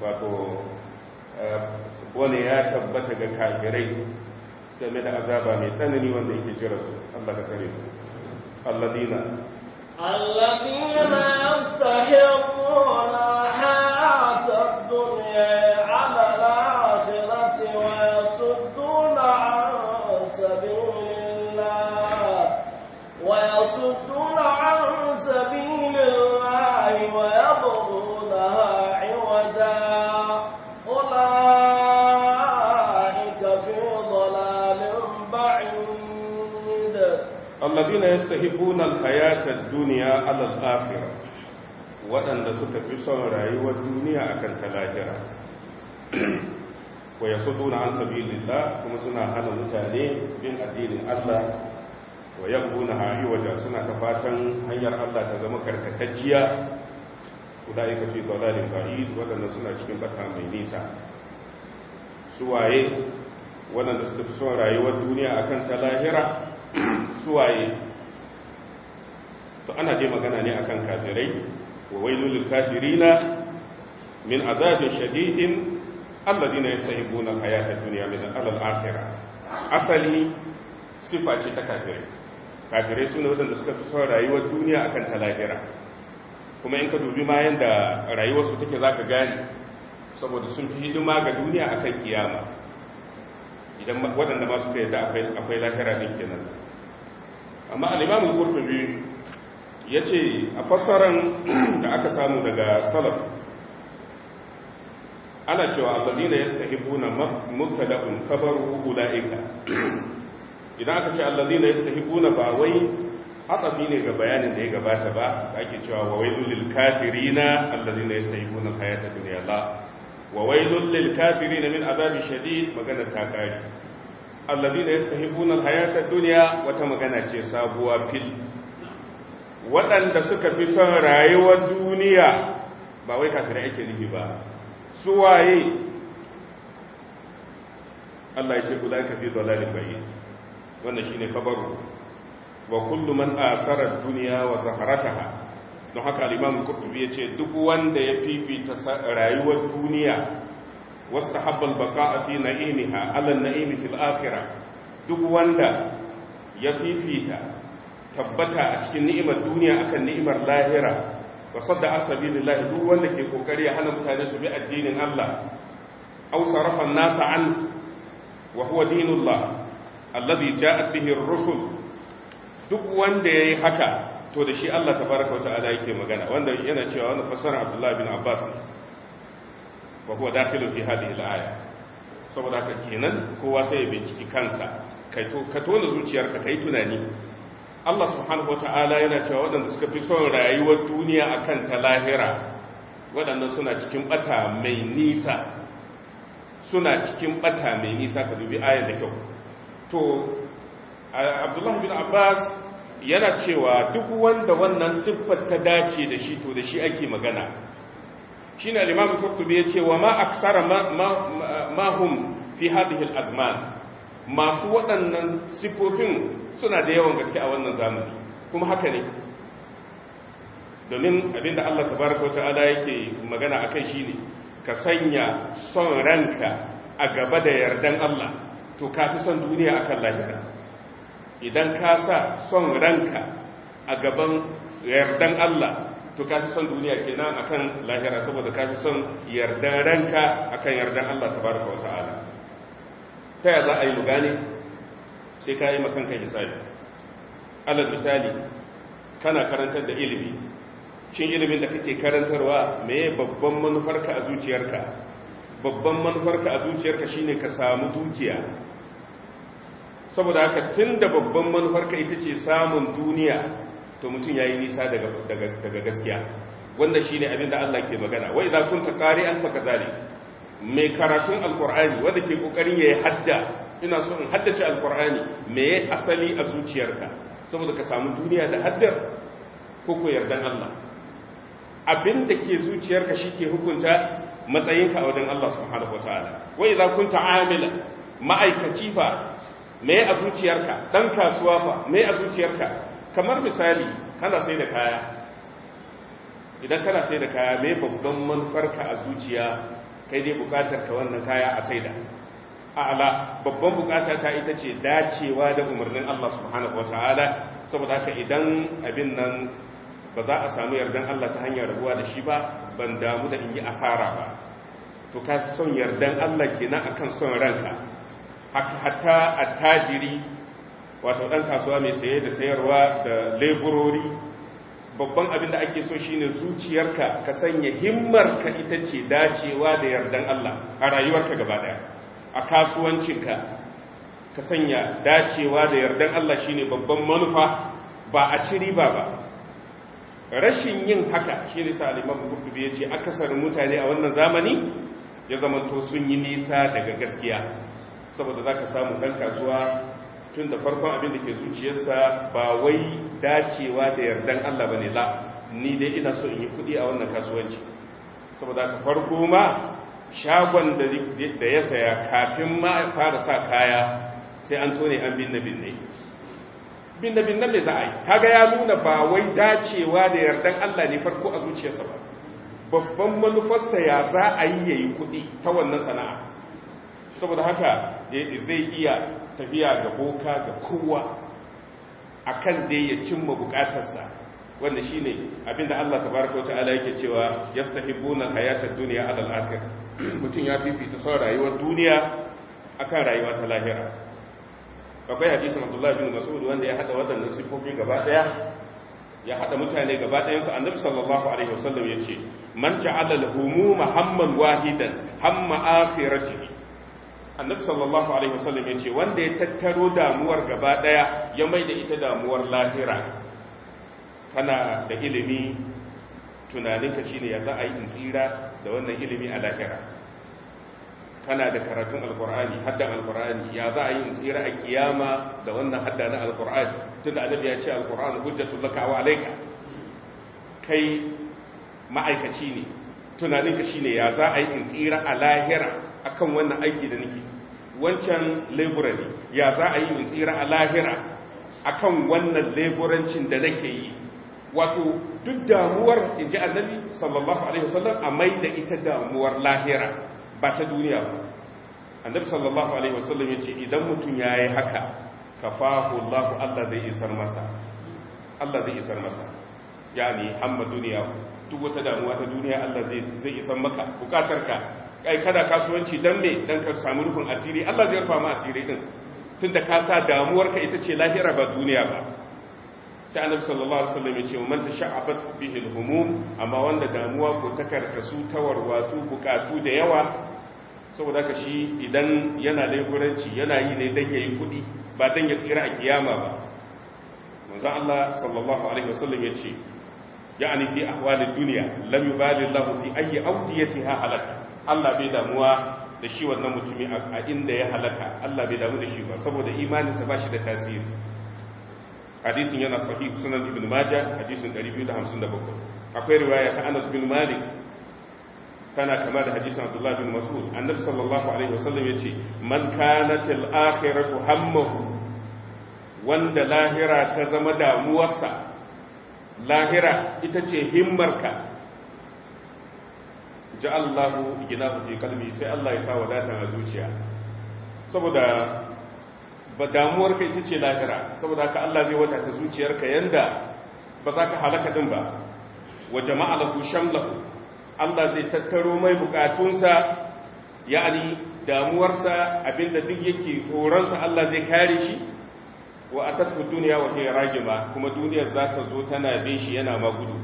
wato eh, wani ya tabbata ga kafirai game da azaba mai tsanani wanda yake jira su Allah ka tsare su alladina الذين يستحقون الحياة الدنيا عملا yastahibuna alhayata ad-dunya ala al-akhirah waɗanda suka fi son rayuwar duniya akan ta lahira wa yasuduna an sabilillah kuma suna hana mutane bin addinin Allah wa yabuna ha'iwaja suna ta fatan hanyar Allah ta zama karkatacciya ulaika fi dalalin ba'id wadanda suna cikin bata mai nisa suwaye waɗanda suka fi son rayuwar duniya akan ta lahira suwaye to ana dai magana ne akan kafirai wa wailul lil kafirina min azabin shadidin alladina yastahibuna hayata dunya min alal akhirah asali sifa ce ta kafirai kafirai sune wadanda suka fi son rayuwar duniya akan ta lahira kuma in ka dubi ma yanda rayuwarsu take zaka gane saboda sun fi hidima ga duniya akan kiyama idan waɗanda ma suka yadda akwai lahira din kenan amma al-imam al ya ce a fassaran da aka samu daga salaf ana cewa da ya sahi buna mubtada'un khabaru ula'ika idan aka ce alladina ya sahi buna ba wai hatsafi ne ga bayanin da ya gabata ba da ake cewa wa wailul lil kafirina alladina yastahibuna hayata duniya la wa wailul lil na min azabi shadi magana ta kare alladina yastahibuna hayata duniya wata magana ce sabuwa fil waɗanda suka fi son rayuwar duniya ba wai kafin ake nufi ba su waye Allah ya ce guda ka fi dalalin bayi wannan shine kabaru wa kullu man asara dunya wa zaharataha don haka al-imam ya yace duk wanda ya fifita rayuwar duniya wastahabba al-baqa'a fi na'imiha ala an-na'imi fil duk wanda ya fifita tabbata a cikin ni'imar duniya akan ni'imar lahira wa sadda asabilillah duk wanda ke kokari ya hana mutane su bi addinin Allah aw sarafa an-nasa an wa huwa dinullah alladhi ja'at bihi ar-rusul duk wanda yayi haka to da shi Allah tabaraka wata'ala yake magana wanda yana cewa wani fasara Abdullah bin Abbas wa huwa dakhilu fi hadhihi al-aya saboda haka kenan kowa sai ya binciki kansa kai to ka tona zuciyarka kai tunani Allah subhanahu ta'ala yana cewa waɗanda suka fi son rayuwar duniya a kan ta lahira waɗanda suna cikin ɓata mai nisa suna cikin ɓata mai nisa ka dubi ayan da kyau to abdullahi bin abbas yana cewa duk wanda wannan siffar ta dace da shi to da shi ake magana shi ne alimamu kurtubi ya ce wa ma aksara ma hum fi hadihil azman masu waɗannan sifofin suna da yawan gaske a wannan zamani kuma haka ne domin abinda Allah Ta baraka wata ala yake magana akan ne, ka sanya son ranka a gaba da yardan Allah to ka fi son duniya a kan lahira idan ka sa son ranka a gaban yardan Allah to ka fi son duniya kenan kan lahira saboda ka fi son yardan ranka a kan yardan Allah Ta baraka tabaraka ala. ta ya za a yi gane sai ka yi makanka misali? alal misali kana karantar da ilimi Cin ilimin da kake karantarwa mai babban manufarka a zuciyarka babban manufarka a zuciyarka shine ka samu dukiya saboda haka da babban manufarka ita ce samun duniya to mutum ya yi nisa daga gaskiya wanda shine abin da Allah ke magana wai za ƙari an faka kazalik mai karatun alkur'ani wanda ke kokarin yayi hadda ina so in haddace alkur'ani me yayi asali a zuciyarka saboda ka samu duniya da haddar ko ko yardan Allah abin da ke zuciyarka shike hukunta matsayinka a wajen Allah subhanahu wataala wa idza kunta amila ma'aikaci fa me a zuciyarka dan kasuwa fa me a zuciyarka kamar misali kana sai da kaya idan kana sai da kaya mai babban manufarka a zuciya kai dai bukatar ka wannan kaya a saida a'ala babban bukata ta ita ce dacewa da umarnin Allah subhanahu wataala saboda haka idan abin nan ba za a samu yardan Allah ta hanyar rabuwa da shi ba ban damu da in yi asara ba to ka son yardan Allah kenan akan son ranka hatta attajiri wato dan kasuwa mai saye da sayarwa da leburori babban abin da ake so shine zuciyarka ka sanya himmarka ita ce dacewa da yardan Allah a rayuwarka gaba daya a kasuwancinka ka sanya dacewa da yardan Allah shine babban manufa ba a ci riba ba rashin yin haka shi ne sa alimamu kutubi ya ce akasarin mutane a wannan zamani ya zamanto sun yi nisa daga gaskiya saboda za ka samu ɗan kasuwa tun da farkon abin da ke zuciyarsa ba wai dacewa da yardan Allah ne la ni dai ina so in yi kuɗi a wannan kasuwanci saboda ka farko ma shagon da ya saya kafin ma fara sa kaya sai an tone an binne binne binne binne ne za a yi kaga ya nuna ba wai dacewa da yardan Allah ne farko a zuciyarsa ba babban manufarsa ya za a yi yayi kuɗi ta wannan sana'a saboda haka eh, zai iya tafiya ga boka ga kowa a kan dai ya cimma bukatarsa wanda shi ne abinda Allah Ta baraka wata ala yake cewa ya sahi ad hayatar duniya a dal'akar mutum ya fifita son rayuwar duniya kan rayuwa ta lahira akwai hadisin Abdullah bin Mas'ud wanda ya hada wadannan sifofi gaba daya ya hada mutane gaba ɗayansu annabi sallallahu alaihi wasallam yace man ja'ala lahu muhammad wahidan hamma akhirati annabi sallallahu alaihi wasallam ya ce wanda ya tattaro damuwar gaba daya ya mai da ita damuwar lahira kana da ilimi tunaninka shine ya za a yi tsira da wannan ilimi a lahira kana da karatun alkur'ani haddan alkur'ani ya za a yi tsira a kiyama da wannan hadda na alkur'ani tunda annabi ya ce alkur'ani hujjatul laka wa alayka kai ma'aikaci ne tunaninka shine ya za a yi tsira a lahira akan wannan aiki da nake yi? wancan laborari ya za a yi in tsira a lahira akan wannan laborancin da nake yi wato duk damuwar in ji annabi sallallahu alaihi wasallam a mai da ita damuwar lahira ba ta duniya ba annabi sallallahu alaihi wasallam ya ce idan mutum ya yi haka kafahu Allah Allah zai isar masa Allah zai isar masa yani amma duniya duk wata damuwa ta duniya Allah zai isar maka bukatarka ai kada kasuwanci dan me dan ka samu rufin asiri Allah zai rufa ma asiri din tunda ka sa ka ita ce lahira ba duniya ba sai annabi sallallahu alaihi wasallam ya ce man tasha'abat bihi alhumum amma wanda damuwa ko ta karkasu tawarwatu bukatu da yawa saboda ka shi idan yana laifuranci yana yi ne dan yayi kudi ba dan ya tsira a kiyama ba manzo Allah sallallahu alaihi wasallam ya ce ya'ani fi ahwalid dunya lam yubali Allah fi ayyi awdiyatiha halaka Allah bai damuwa da shi wannan mutumi a inda ya halaka Allah bai damu da shi ba saboda imaninsa ba shi da tasiri hadisin yana sahih sunan ibn majah hadisin 257 akwai riwaya ta Anas bin Malik kana kama da hadisin Abdullah bin Mas'ud annabi sallallahu alaihi wasallam yace man kanat al-akhiratu hammuhu wanda lahira ta zama damuwarsa lahira ita ce himmarka ja'allahu gina fi kalmi sai Allah ya sa wadata a zuciya saboda ba damuwar kai tace lahira saboda haka Allah zai wadata ka yanda ba za ka halaka din ba wa jama'a lahu shamlahu Allah zai tattaro mai bukatunsa ya'ani damuwarsa abinda duk yake tsoronsa Allah zai kare shi wa atatku duniya wa hiya ragima kuma duniyar za ta zo tana bin shi yana magudu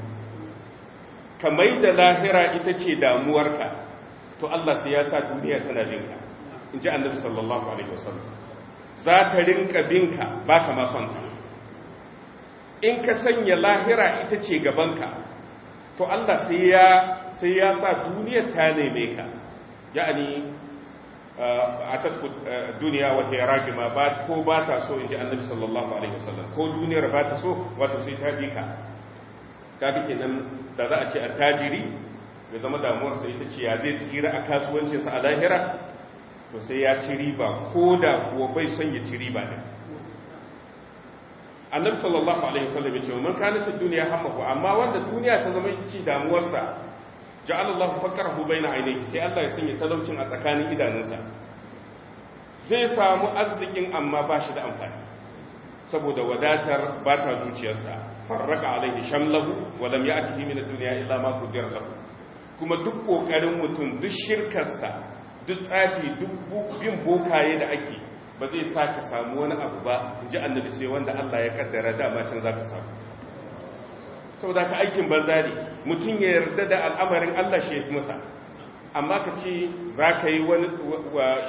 ka da lahira ita ce damuwarka to Allah sai ya sa duniya tana binka in ji annabi sallallahu alaihi wasallam za ka rinka binka ba ka ma son ta in ka sanya lahira ita ce gabanka to Allah sai ya sai ya sa duniya ta neme ka ya'ani uh, a ta uh, duniya wata ya rage ma ba ko ba ta so in ji annabi sallallahu alaihi wasallam ko duniyar ba ta so wato sai ta bi ka kaga kenan da za a ce attajiri ya zama damuwar sai ta ce ya zai tsira a kasuwancinsa a lahira to sai ya ci riba ko da kuwa bai son ya ci riba ne annab sallallahu alaihi wasallam ya ce man kana ta duniya hammahu amma wanda duniya ta zama ita ce damuwarsa ja'ala Allahu fakarahu baina ainihi sai Allah ya sanya talaucin a tsakanin idanunsa zai samu arzikin amma ba shi da amfani saboda wadatar ba ta zuciyarsa farraka alaihi shamlahu wa lam ya'tihi min ad-dunya illa ma qadara lahu kuma duk kokarin mutum duk shirkarsa duk tsafi duk bin bokaye da ake ba zai sa ka samu wani abu ba inji annabi sai wanda Allah ya kaddara dama can ka samu saboda ka aikin banza ne mutum ya yarda da al'amarin Allah shi ya fi masa amma ka ce za ka yi wani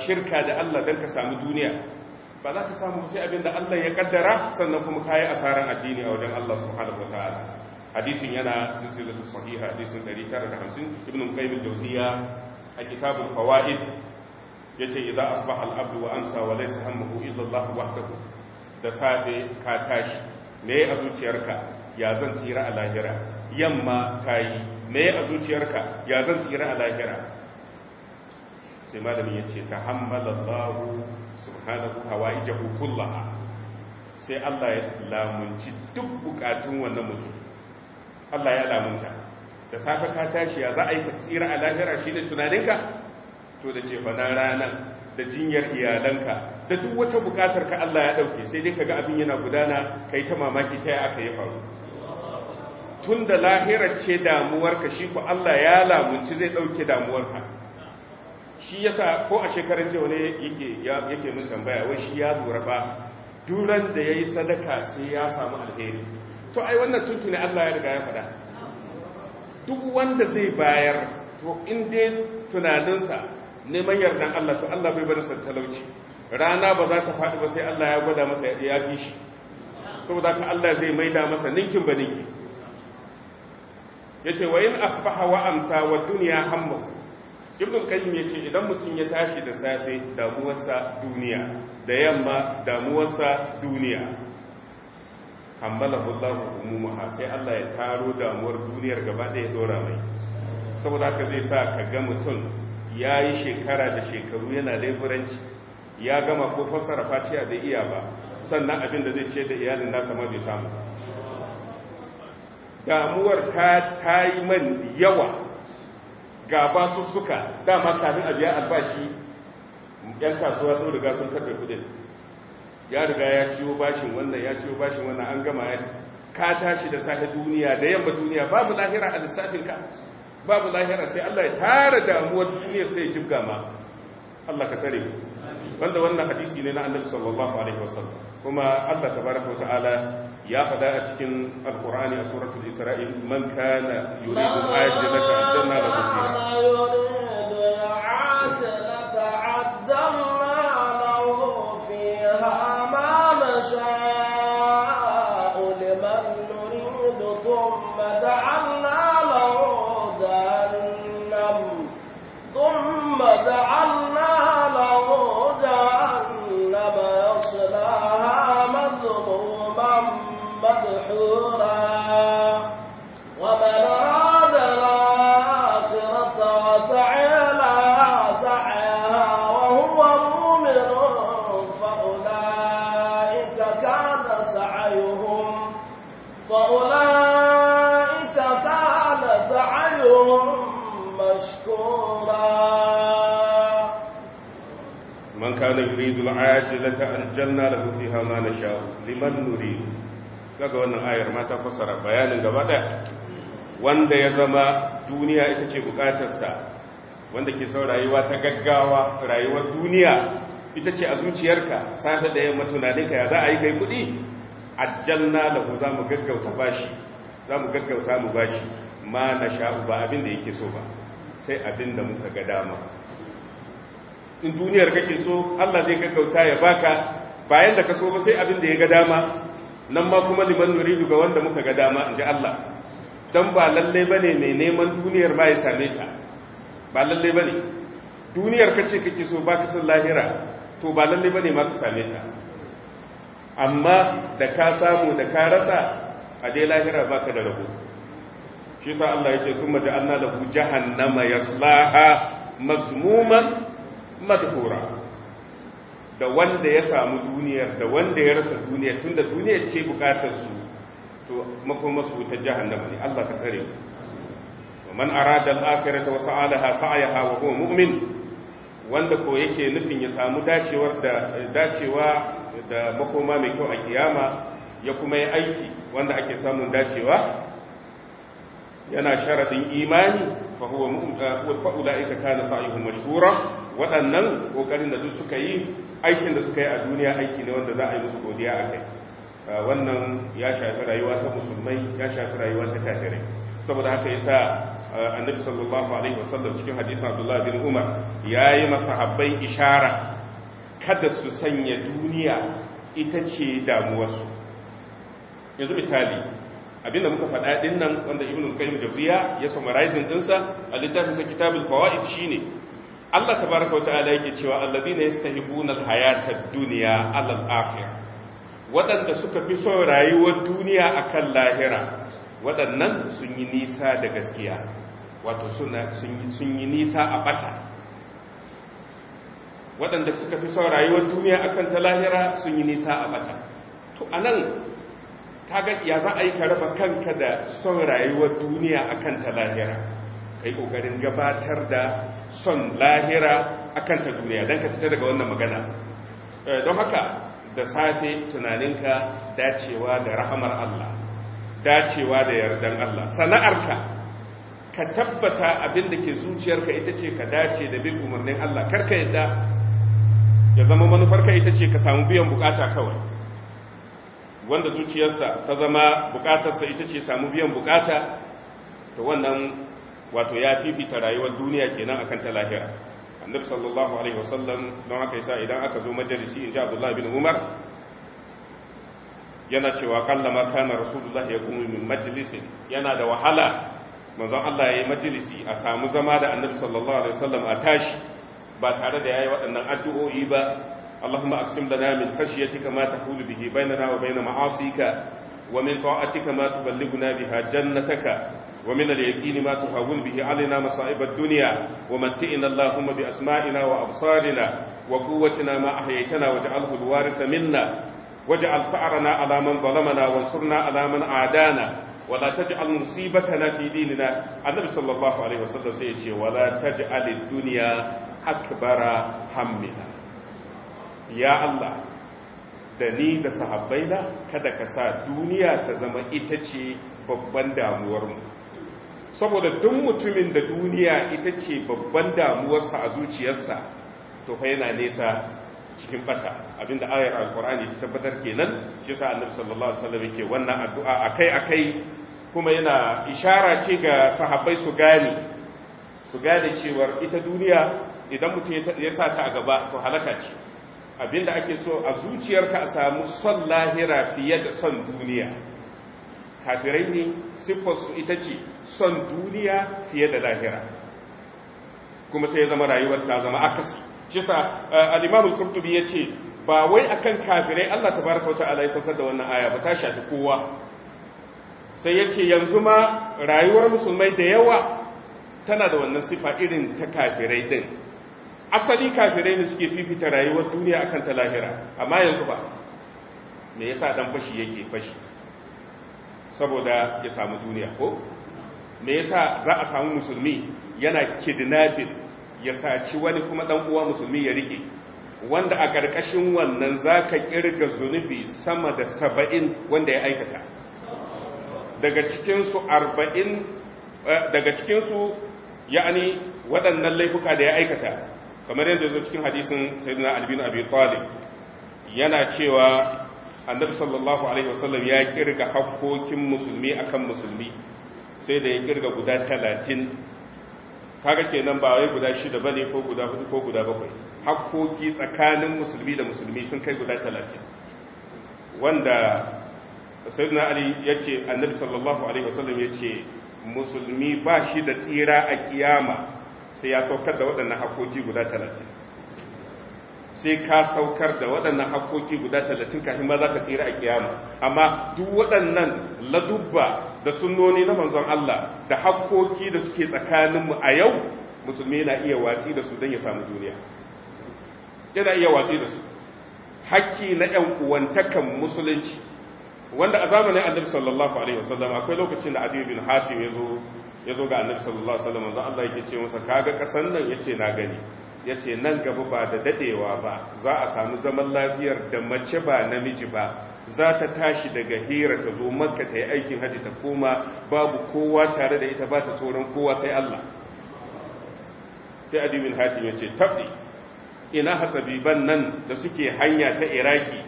shirka da Allah don ka samu duniya ba za ka samu sai abin da Allah ya kaddara sannan kuma kayi asaran addini a wajen Allah subhanahu wataala hadisin yana silsilatu sahiha hadisin 950 ibn qayyim al-jawziya a kitabul fawaid yace idza asbaha al-abdu wa ansa wa laysa hammuhu illa Allah wahdahu da safe ka tashi me a zuciyarka ya zan tsira a lahira yamma kayi me a zuciyarka ya zan tsira a lahira sai malamin ya ce ta hammalallahu subhanahu hawaijahu kullaha sai Allah ya lamunci duk bukatun wannan mutum Allah ya lamunta da safe ka tashi ya za a yi ka tsira a lahira shi da tunaninka to da ce na ranar da jinyar iyalanka da duk wata bukatar ka Allah ya dauke sai dai kaga abin yana gudana kai ta mamaki ta ya aka yi faru tun da lahirar ce damuwarka shi ku Allah ya lamunci zai dauke damuwarka shi yasa ko a shekarun jiya ne yake yake mun tambaya wai shi ya lura ba. duran da yayi sadaka sai ya samu alheri to ai wannan tuntuni Allah ya riga ya faɗa duk wanda zai bayar to in dai tunaninsa neman yardan Allah to Allah bai bar sa talauci rana ba za ta faɗi ba sai Allah ya gwada masa ya fi shi saboda ka Allah zai maida masa ninkin ba ninki yace wa in asbaha wa amsa wa dunya hammu ibn qayyim yace idan mutum ya tashi da safe damuwarsa duniya da yamma damuwarsa duniya hambalahu Allahu umumuha sai Allah ya taro damuwar duniyar gaba da ya dora mai saboda haka zai sa ka ga mutum yayi shekara da shekaru yana laifuranci ya gama ko fassara faciya da iya ba sannan abin da zai ce da iyalin nasa ma bai samu damuwar ta yi man yawa ga suka dama kafin a biya albashi yan kasuwa sun riga sun karbe kudin ya riga ya ciwo bashin wannan ya ciwo bashin wannan an gama ya ka tashi da safe duniya da yamma duniya babu lahira a lissafin ka babu lahira sai Allah ya tara damuwar duniya sai ya jibga ma Allah ka tsare wanda wannan hadisi ne na Annabi sallallahu alaihi wasallam kuma Allah tabaraka wa ta'ala يا فدا اتكن القران سوره الإسرائيل من كان يريد عاجلة عجلنا له ذلك aljanna lahu فيها ما نشاء liman نريد kaga wannan ayar mata ta bayanin gaba daya wanda ya zama duniya ita ce bukatarsa wanda ke son rayuwa ta gaggawa rayuwar duniya ita ce a zuciyarka sata da yamma tunaninka ya za a yi kai kuɗi aljanna da ku mu gaggauta bashi za gaggauta mu bashi ma na sha'u ba abin da yake so ba sai abin da muka ga dama in duniyar kake so Allah zai gaggauta ya baka bayan da ka so ba sai abin da ya ga dama nan ma kuma liman nuridu ga wanda muka ga dama inji Allah dan ba lalle bane mai neman duniyar ma ya same ta ba lalle bane duniyar kace kake so baka san lahira to ba lalle bane ma ka same ta amma da ka samu da ka rasa a dai lahira baka da rabo shi sa Allah ya ce kuma ja'alna lahu jahannama yaslaha mazmuman madhura da wanda ya samu duniyar da wanda ya rasa duniyar tunda duniyar ce bukatar su to makoma su ta jahannama ne Allah ka tsare mu wa man arada al-akhirata wa sa'alaha sa'ayaha wa huwa mu'min wanda ko yake nufin ya samu dacewar da dacewa da makoma mai kyau a kiyama ya kuma yi aiki wanda ake samun dacewa yana sharadin imani fa huwa mu'min fa ulaika kana sa'ihum mashkura waɗannan ƙoƙarin da duk suka yi aikin da suka yi a duniya aiki ne wanda za a yi musu godiya a kai ah, wannan ya shafi rayuwa ta musulmai ya shafi rayuwa ta kafirai saboda haka yasa ah, annabi sallallahu alaihi wasallam cikin hadisi abdullahi bin umar yayi masahabbai ishara kada su sanya duniya ita ce damuwarsu yanzu misali abinda muka faɗa din nan wanda ibnu qayyim jawziya ya summarizing dinsa a littafin sa kitabul fawaid shine Allah baraka wa ta'ala yake cewa alladhina yastahibuna alhayata ad-dunya ala al-akhirah wadanda suka fi son rayuwar duniya akan lahira wadannan sun yi nisa da gaskiya wato sun yi nisa a bata wadanda suka fi son rayuwar duniya akan ta lahira sun yi nisa a bata to anan kaga ya za a yi ka raba kanka da son rayuwar duniya akan ta lahira kai kokarin gabatar da son lahira akan ta duniya don ka fita daga wannan magana eh, don haka da safe tunaninka dacewa da rahamar Allah dacewa da yardan Allah sana'arka ka tabbata abin da ke zuciyarka ita ce ka dace da bin umarnin Allah karka yadda ya zama manufarka ita ce ka samu biyan bukata kawai wanda zuciyarsa ta zama bukatarsa ita ce samu biyan bukata ta wannan wato ya fifita rayuwar duniya kenan akan ta lahira annabi sallallahu alaihi wasallam don haka yasa idan aka zo majalisi in ji abdullahi bin umar yana cewa kalla ma kana rasulullah ya kuma min majalisin yana da wahala manzon Allah ya yi majalisi a samu zama da annabi sallallahu alaihi wasallam a tashi ba tare da yayi waɗannan addu'o'i ba اللهم اقسم لنا من خشيتك ما تحول به بيننا وبين معاصيك ومن طاعتك ما تبلغنا بها جنتك ومن اليقين ما تهون به علينا مصائب الدنيا ومتئنا اللهم بأسمائنا وأبصارنا وقوتنا ما أحييتنا واجعله الوارث منا واجعل سعرنا على من ظلمنا وانصرنا على من عادانا ولا تجعل مصيبتنا في ديننا النبي صلى الله عليه وسلم سيجي ولا تجعل الدنيا أكبر همنا يا الله da ni da sahabbaina kada ka sa duniya ta zama ita ce babban damuwarmu saboda duk mutumin da duniya ita ce babban damuwarsa a zuciyarsa to fa yana nesa cikin bata abinda ayar alkur'ani ta tabbatar kenan shi sa annabi sallallahu alaihi wasallam yake wannan addu'a akai-akai kuma yana ishara ce ga sahabbai su gane su gane cewar ita duniya idan mutum ya sa ta a gaba to halaka ce abinda ake so a zuciyarka a samu son lahira fiye da son duniya kafirai ne siffarsu ita ce son duniya fiye da lahira kuma sai ya zama rayuwar ta zama akasi sa eh, al kurtubi ya ce, ba wai akan kafirai Allah ta wata ala ya saukar da wannan aya ba ta shafi kowa sai ya ce yanzu ma rayuwar musulmai da yawa tana da wannan sifa irin ta kafirai din asali kafirai ne suke fifita rayuwar duniya akan ta lahira amma yanzu ba me yasa dan fashi yake fashi saboda ya samu duniya ko me yasa za a samu musulmi yana kidnapping ya saci wani kuma dan uwa musulmi ya rike wanda a ƙarƙashin wannan za ka ƙirga zunubi sama da saba'in wanda ya aikata daga cikinsu arba'in eh, daga cikinsu ya'ani waɗannan laifuka da ya aikata kamar yadda zo cikin hadisin sayyidina Ali bin abi talib yana cewa annabi sallallahu alaihi wasallam ya ƙirga hakkokin musulmi akan musulmi sai da ya kirga guda talatin kaga nan ba wai guda shida ba ne ko guda hudu ko guda bakwai hakkoki tsakanin musulmi da musulmi sun kai guda talatin wanda sayyidina ali ya ce annabi sallallahu alaihi wasallam ce musulmi ba shi da tsira a kiyama sai ya saukar da waɗannan hakkoki guda talatin sai ka saukar da waɗannan haƙoƙi guda talatin kafin ma za ka tsira a kiyama amma duk waɗannan ladubba da sunnoni na manzon Allah da haƙoƙi da suke tsakaninmu a yau musulmi na iya watsi da su don ya samu duniya yana iya watsi da su hakki na ƴan uwantakan musulunci wanda a zamanin annabi sallallahu alaihi wasallam akwai lokacin da adiyu bin hatim ya zo ga annabi sallallahu alaihi wasallam zan Allah yake ce masa kaga kasan nan yace na gani ya ce nan gaba ba da dadewa ba za a sami zaman lafiyar da mace ba namiji ba za ta tashi daga hira ta zo maka ta yi aikin hajji ta koma babu kowa tare da ita ba ta tsoron kowa sai Allah sai adibin hatim ya ce tabbi ina hatsabiban nan da suke hanya ta iraki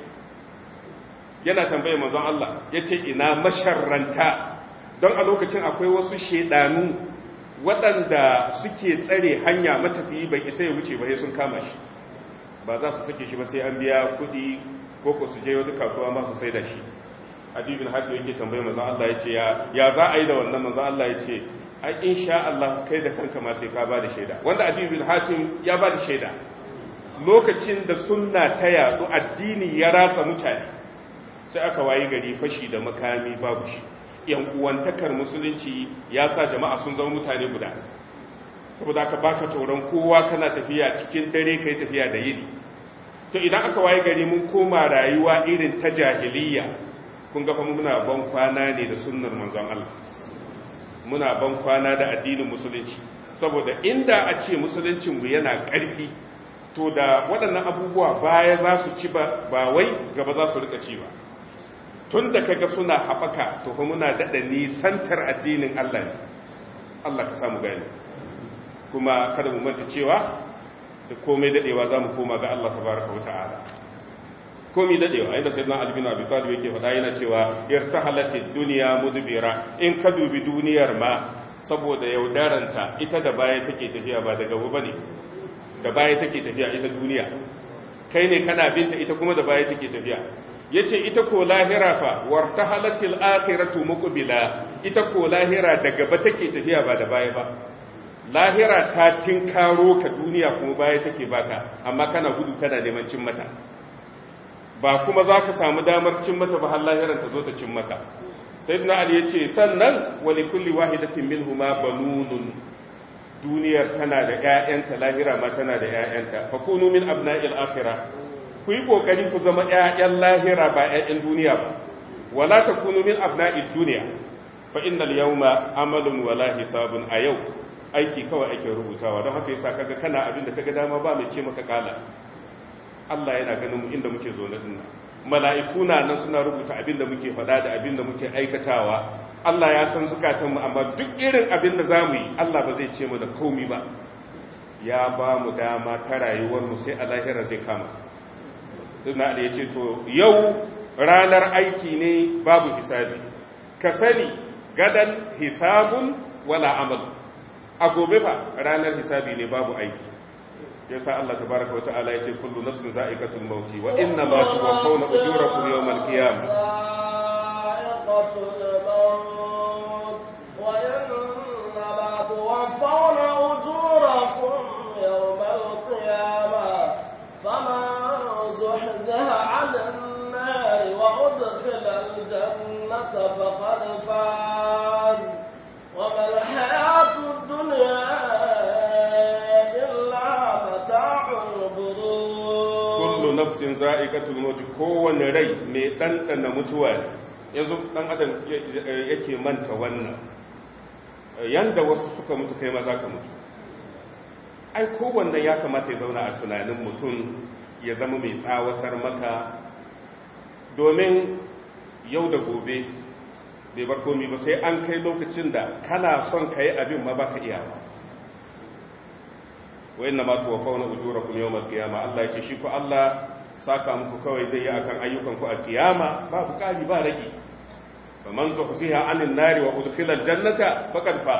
yana tambaye manzon Allah ya ce ina masharranta don a lokacin akwai wasu shedanu waɗanda suke tsare hanya matafiyi bai isa ya wuce ba sun kama shi ba za su sake shi ba sai an biya kuɗi ko ko su je wata kasuwa ma su sai da shi hadibin haɗu yake tambayi maza Allah ya ce ya za a yi da wannan maza Allah ya ce in sha Allah kai da kanka ma sai ka ba da shaida wanda hadibin hajji ya ba da shaida lokacin da sunna ta yatsu addini ya ratsa mutane sai aka wayi gari fashi da makami babu shi yan uwantakar musulunci ya sa jama'a sun zama mutane guda saboda ka baka tauran kowa kana tafiya cikin dare kai tafiya da yini to idan aka waye gari mun koma rayuwa irin ta jahiliya kun ga fa muna ban kwana ne da sunnar manzon Allah muna ban kwana da addinin musulunci saboda inda a ce musuluncin mu yana karfi to da waɗannan abubuwa baya za su ci ba wai gaba za su rika ci ba tun da kaga suna haɓaka to muna daɗa nisantar addinin Allah ne Allah ka samu gani kuma kada mu manta cewa da komai daɗewa za mu koma ga Allah tabaraka wata'ala komai daɗewa inda sai na albina bi talib yake faɗa yana cewa irtahalati duniya mudbira in ka dubi duniyar ma saboda yaudaranta ita da baya take tafiya ba daga gaba ne. da baya take tafiya ita duniya kai ne kana binta ita kuma da baya take tafiya yace ita ko lahira fa wartahalatil akhiratu muqbila ita ko lahira da gaba take tafiya ba da baya ba lahira ta tinkaro ka duniya kuma baya take baka amma kana gudu kana neman cin mata ba kuma za ka samu damar cin mata ba har lahiran ta zo ta cin mata sayyidina ali yace sannan wa kulli wahidatin minhuma banunun duniyar tana da ƴaƴanta lahira ma tana da ƴaƴanta fa kunu min abna'il akhirah ku yi kokari ku zama 'ya'yan lahira ba 'ya'yan duniya ba wala kunu min abna'id dunya fa innal yawma amalun wala hisabun a yau aiki kawai ake rubutawa don haka yasa kaga kana abin da kaga dama ba mai ce maka kala Allah yana ganin mu inda muke zo na dinnan mala'iku na nan suna rubuta abin da muke faɗa da abin da muke aikatawa Allah ya san mu amma duk irin abin da zamu yi Allah ba zai ce mu da komi ba ya ba mu dama ta rayuwar mu sai a lahira zai kama na da ya ce to yau ranar aiki ne babu hisabi ka sani gadan hisabun wala amal a gobe fa ranar hisabi ne babu aiki yasa Allah tabaraka wa ta'ala yace kullu nafsin za'iqatul mauti wa inna ma tuwaffawna ujurakum yawmal qiyamah زوجها على النار وأدخل الجنة فقد فاز وما الحياة الدنيا إلا متاع الغرور كل نفس الموت ري ɗanɗana mutuwa yanzu ɗan adam yake manta wannan yanda wasu suka mutu kai maza ka mutu ai kowanne ya kamata ya zauna a tunanin mutum ya zama mai tsawatar maka domin yau da gobe bai bar komi ba sai an kai lokacin da kana son ka yi abin ma baka iya ba wayan na matuwa fauna ujura kuma yau kiyama Allah ya ce shi ku Allah saka muku kawai zai yi akan ayyukanku a kiyama babu kari ba rage faman zuhziha anin nari wa udkhila jannata? faqad fa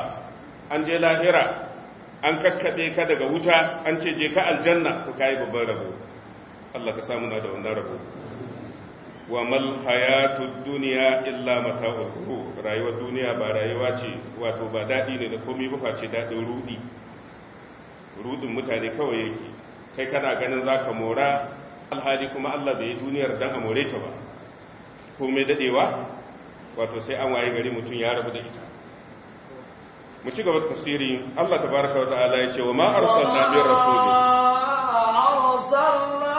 an je lahira an kakkabe ka daga wuta an ce je ka aljanna ku kai babban rabo Allah ka samu na da wannan rabo wa mal hayatud dunya illa mata'ul ruh rayuwar duniya ba rayuwa ce wato ba dadi ne da komai ba face dadin rudi rudin mutane kawai yake kai kana ganin zaka mora alhali kuma Allah bai duniyar dan amore ta ba komai dadewa wato sai an waye gari mutun ya rabu da ita mu ci gaba da tafsiri Allah tabaaraka wa ta'ala ya ce wa ma arsalna bi rasul arsalna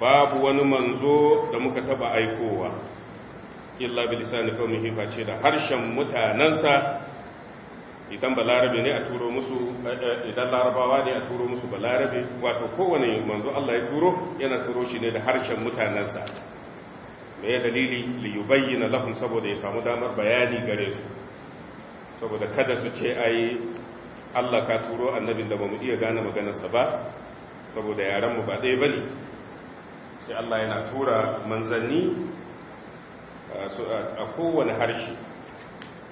babu wani manzo da muka taba aikowa illa bi lisani qaumihi da harshen idan balarabe ne a turo musu idan larabawa ne a turo musu balarabe wato kowane manzo Allah ya turo yana turo shi ne da harshen mutanensa. me ya dalili li yubayyana lahum saboda ya samu damar bayani gare su saboda kada su ce ai Allah ka turo annabi da bamu iya gane maganarsa ba saboda yaran mu ba ɗaya bane sai Allah yana tura manzanni a kowane harshe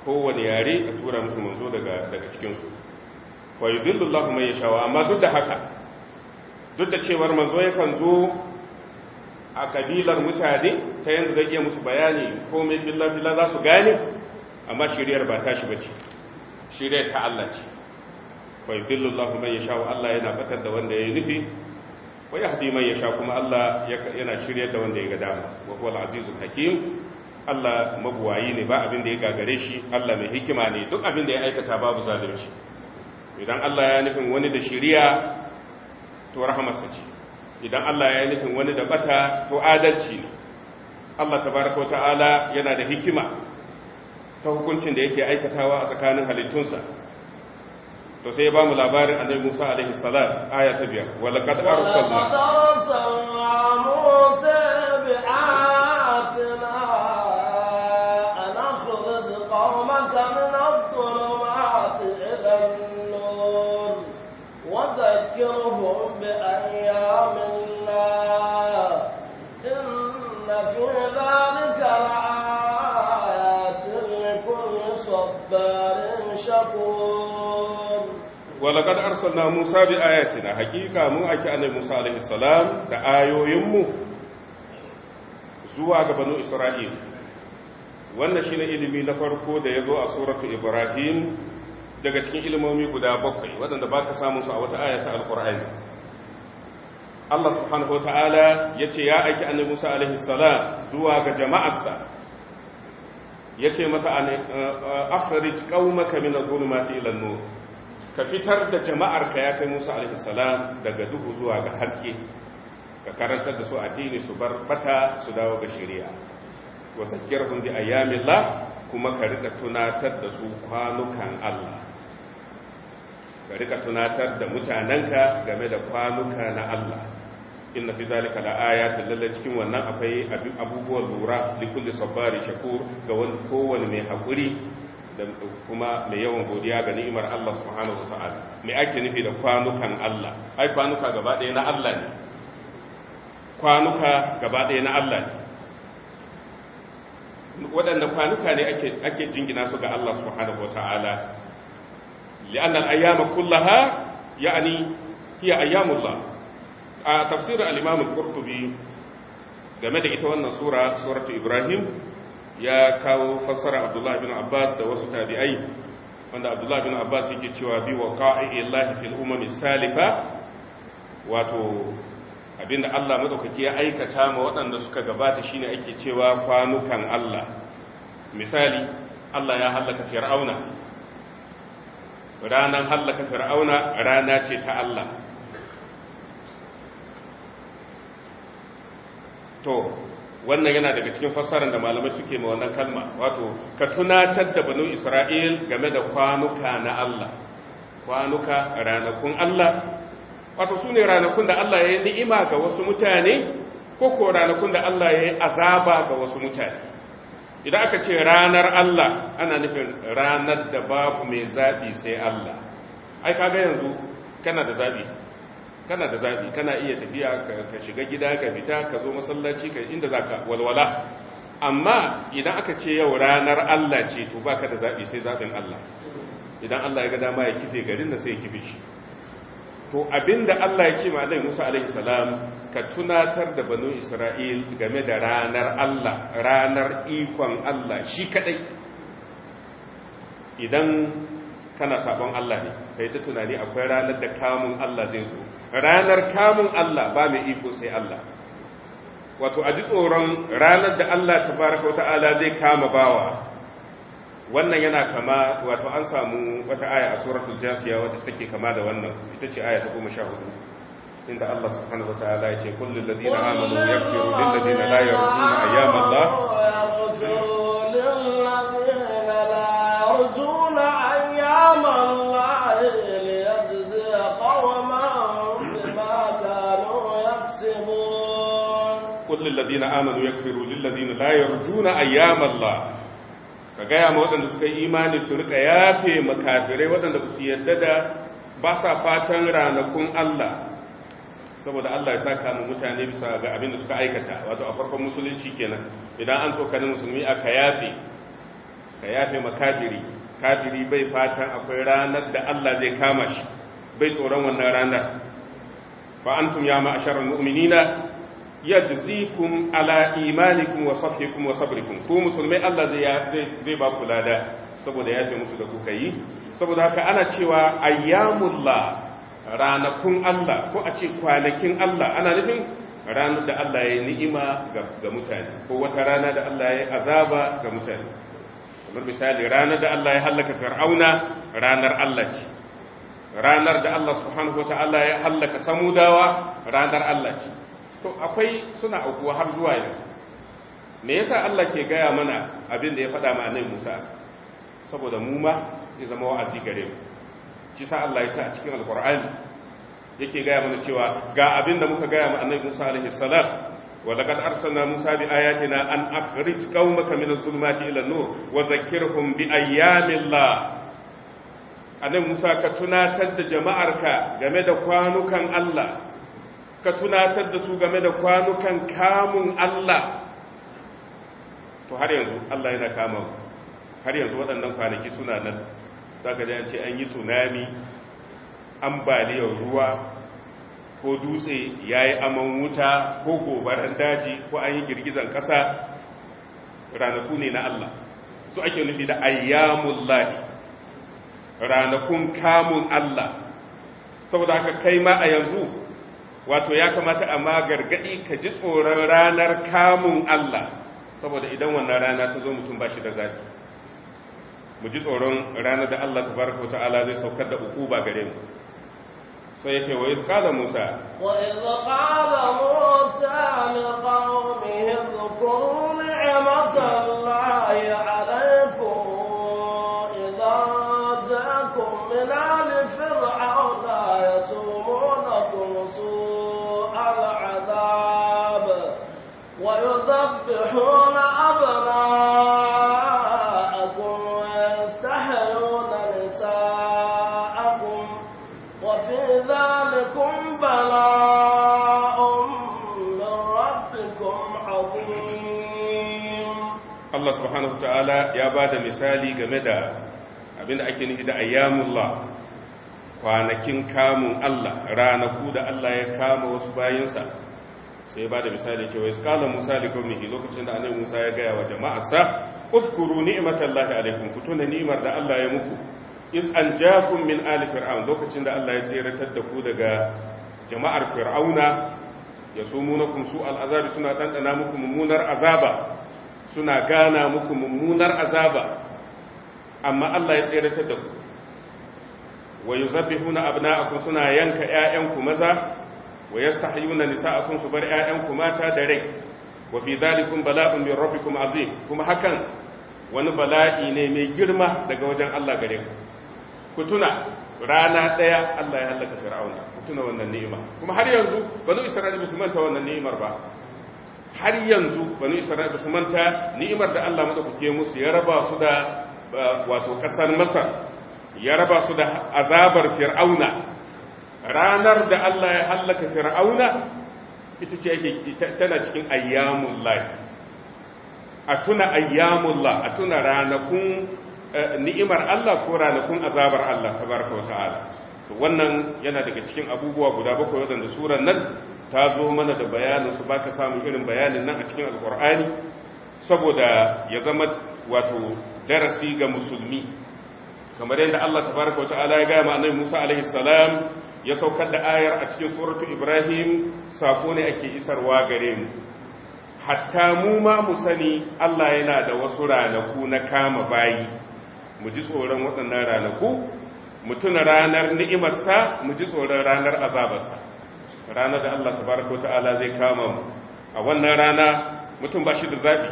kowane yare a tura musu manzo daga cikinsu wa yi dillullahu mai shawa amma duk da haka duk da cewar manzo kan zo a kabilar mutane ta yanzu zai iya musu bayani ko mai filla-filla za su gane amma shiriyar ba ta shi bace shiriyar ta Allah ce wa yi dillullahu mai shawa Allah yana fatar da wanda ya yi nufi wa yahdi ya sha kuma Allah yana shiryar da wanda ya ga dama wa huwa al-azizul hakim Allah mabuwayi ne ba abin da ya gagare shi Allah mai hikima ne duk abin da ya aikata babu zalunci idan Allah ya nufin wani da shiriya to rahamarsa ce idan Allah ya nufin wani da bata to adalci ne Allah tabaraka wata'ala yana da hikima ta hukuncin da yake aikatawa a tsakanin halittunsa to sai ya ba mu labarin annabi Musa alaihi salam aya ta biyar wa laqad arsalna Musa bi walaqad arsalna musa bi ayatina hakika mun aki annabi musa alaihi salam da ayoyinmu zuwa ga banu isra'il wannan shine ilimi na farko da yazo a suratu ibrahim daga cikin ilimomi guda bakwai waɗanda baka samun su a wata aya ta alqur'ani Allah subhanahu wataala yace ya aiki annabi Musa alaihi salam zuwa ga jama'arsa yace masa eh, eh, akhrij qaumaka min adh-dhulumati ila an-nur ka fitar da jama'arka ya kai musa salam daga duhu zuwa ga haske ka karantar da su addini su bar bata su dawo ga shari'a wa hundi bi ayyamillah kuma ka rika tunatar da su kwanukan Allah ka rika tunatar da mutanenka game da kwanuka na Allah inna fi zalika laayatin lalla cikin wannan akwai abubuwan lura likulli sabbari shakur ga wani kowanne mai hakuri kuma mai yawan godiya ga ni'imar Allah subhanahu wata'ala mai ake nufi da kwanukan Allah ai kwanuka gaba ɗaya na Allah ne kwanuka gaba ɗaya na Allah ne waɗanda kwanuka ne ake jingina su ga Allah subhanahu wata'ala li'anna ayyama kullaha ya'ni hiya ayyamullah a tafsirin al-imam al-qurtubi game da ita wannan sura suratu ibrahim ya kawo fassara abdullahi bin abbas da wasu tabi'ai wanda abdullahi bin abbas yake cewa bi wa qa'i'illahi fil umami salifa wato abinda Allah madaukaki ya aikata ma waɗanda suka gabata shine ake cewa kwanukan Allah misali Allah ya halaka fir'auna ranan halaka fir'auna rana ce ta Allah to wannan yana daga cikin fassarar da malamai suke ma wannan kalma wato ka tunatar da banu isra'il game da kwanuka na Allah kwanuka ranakun Allah wato su ne ranakun da Allah ya yi ni'ima ga wasu mutane ko ko ranakun da Allah ya yi azaba ga wasu mutane idan aka ce ranar Allah ana nufin ranar da babu mai zaɓi sai Allah ai kaga yanzu kana da zaɓi kana da zafi kana iya tafiya ka shiga gida ka fita ka zo masallaci ka inda zaka walwala amma idan aka ce yau ranar Allah ce to baka da zafi sai zafin Allah idan Allah ya ga dama ya kife garin da sai ya kife shi to abinda Allah ya ce ma Annabi Musa alaihi salam ka tunatar da banu Isra'il game da ranar Allah ranar ikon Allah shi kadai idan kana sabon Allah ne yi ta tunani akwai ranar da kamun Allah zai zo ranar kamun Allah ba mai iko sai Allah wato a ji tsoron ranar da Allah ta tabaraka wata'ala zai kama bawa wannan yana kama wato an samu wata aya a suratul jasiya wata take kama da wannan ita ce aya ta sha hudu inda Allah subhanahu wataala ya ce kullul ladina amanu yaghfiru lil ladina la yarjuna ayyama Allah للذين آمنوا يكفروا للذين لا يرجون أيام الله ka gaya ma waɗanda suka yi imani su rika yafe makafirai waɗanda ba su yarda da ba sa fatan ranakun Allah saboda Allah ya saka mu mutane bisa ga abin da suka aikata wato a farkon musulunci kenan idan an tsokani musulmi ka yafe ka yafe makafiri kafiri bai fatan akwai ranar da Allah zai kama shi bai tsoron wannan ranar fa antum ya ma'asharal mu'minina yajzikum ala imanikum wa safikum wa sabrikum ku musulmai Allah zai zai ba kula da saboda yafe musu da kuka yi saboda haka ana cewa ayyamullah ranakun Allah ko a ce kwanakin Allah ana nufin ranar da Allah ya ni'ima ga mutane ko wata rana da Allah ya azaba ga mutane kamar misali ranar da Allah ya halaka fir'auna ranar Allah ce ranar da Allah subhanahu wataala ya halaka samudawa ranar Allah ce to akwai suna aukuwa har zuwa yanzu me yasa Allah ke gaya mana abin da ya faɗa ma annabi Musa saboda mu ma ya zama wa'azi gare mu shi sa Allah ya sa a cikin alqur'ani yake gaya mana cewa ga abin da muka gaya ma annabi Musa alaihi salam wa laqad arsalna Musa bi ayatina an akhrij qaumaka min az-zulumati ila an-nur wa dhakkirhum bi ayyamillah annabi Musa ka tunatar da jama'arka game da kwanukan Allah ka tunatar da su game da kwanukan kamun Allah to har yanzu Allah yana kama har yanzu waɗannan kwanaki suna nan za ka ce an yi tsunami ambaliyar ruwa ko dutse ya yi aman wuta ko gobaran daji ko an yi girgizan ƙasa ranaku ne na Allah su ake nufi da ayyamun lahi ranakun kamun Allah saboda haka kai ma a yanzu wato ya kamata amma gargadi ka ji tsoron ranar kamun Allah saboda idan wannan rana ta zo mutum ba shi da zafi mu ji tsoron ranar da Allah tabaraka wa ta'ala zai saukar da ukuba gare mu sai yace wa iz qala Musa wa qala Musa li qaumihi dhkuru ni'matallahi subhanahu ta'ala ya ba da misali game da abinda ake nufi da ayyamullah kwanakin kamun Allah ranaku da Allah ya kama wasu bayansa sai ba da misali cewa su kala musa da gwamnati lokacin da annabi musa ya gaya wa jama'arsa uskuru ni'matallahi alaikum ku tuna ni'mar da Allah ya muku is an jakum min ali fir'aun lokacin da Allah ya tseratar da ku daga jama'ar fir'auna ya sumunakum su al'azabi suna ɗanɗana muku mummunar azaba suna gana muku mummunar azaba amma Allah ya tseratar da ku wa a abna'akum suna yanka ƴaƴanku maza wa yastahyuna nisa'akum su bar ƴaƴanku mata da rai wa fi dhalikum bala'un min rabbikum azim kuma hakan wani bala'i ne mai girma daga wajen Allah gare ku ku tuna rana ɗaya Allah ya halaka fir'auna ku tuna wannan ni'ima kuma har yanzu banu isra'ila ba su manta wannan ni'imar ba har yanzu bani isra'ila ba su manta ni'imar da Allah madaukake musu ya raba su da wato ƙasar masar ya raba su da azabar fir'auna ranar da Allah ya hallaka fir'auna ita ce ake tana cikin ayyamun ayyamul a tuna ayyamun ayyamul a tuna ranakun eh, ni'imar Allah ko ranakun azabar Allah ta tabaraka wa ta'ala wannan yana daga cikin abubuwa guda bakwai wadanda suran nan ta zo mana da bayanin su baka samun irin bayanin nan a cikin alkur'ani saboda ya zama wato darasi ga musulmi kamar yadda Allah Ta tabaraka wa ala ya gaya ma'anai Musa alaihi ya saukar da ayar a cikin suratu Ibrahim sako ne ake isarwa gare mu hatta mu ma mu sani Allah yana da wasu ranaku na kama bayi mu ji tsoron waɗannan ranaku mu tuna ranar ni'imarsa mu ji tsoron ranar azabarsa ranar da Allah tabaraka wa ta'ala zai kama mu a wannan rana mutum ba shi da zabi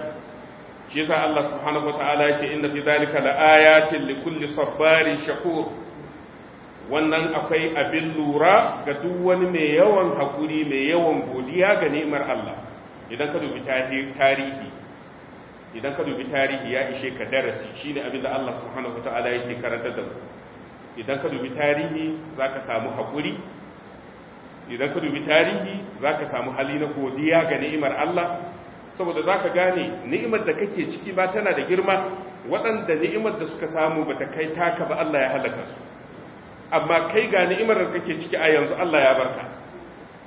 shi yasa Allah subhanahu wa ta'ala yake inna fi zalika laayatin likulli sabarin shakur wannan akwai abin lura ga duk wani mai yawan hakuri mai yawan godiya ga ni'imar Allah idan ka dubi tarihi idan ka dubi tarihi ya ishe ka darasi shine abin da Allah subhanahu wa ta'ala yake karantar da mu idan ka dubi tarihi zaka samu hakuri idan ka dubi tarihi za ka samu hali na godiya ga ni'imar Allah saboda za ka gane ni'imar da kake ciki ba tana da girma waɗanda ni'imar da suka samu ba ta kai taka ba Allah ya halaka su amma kai ga ni'imar da kake ciki a yanzu Allah ya barka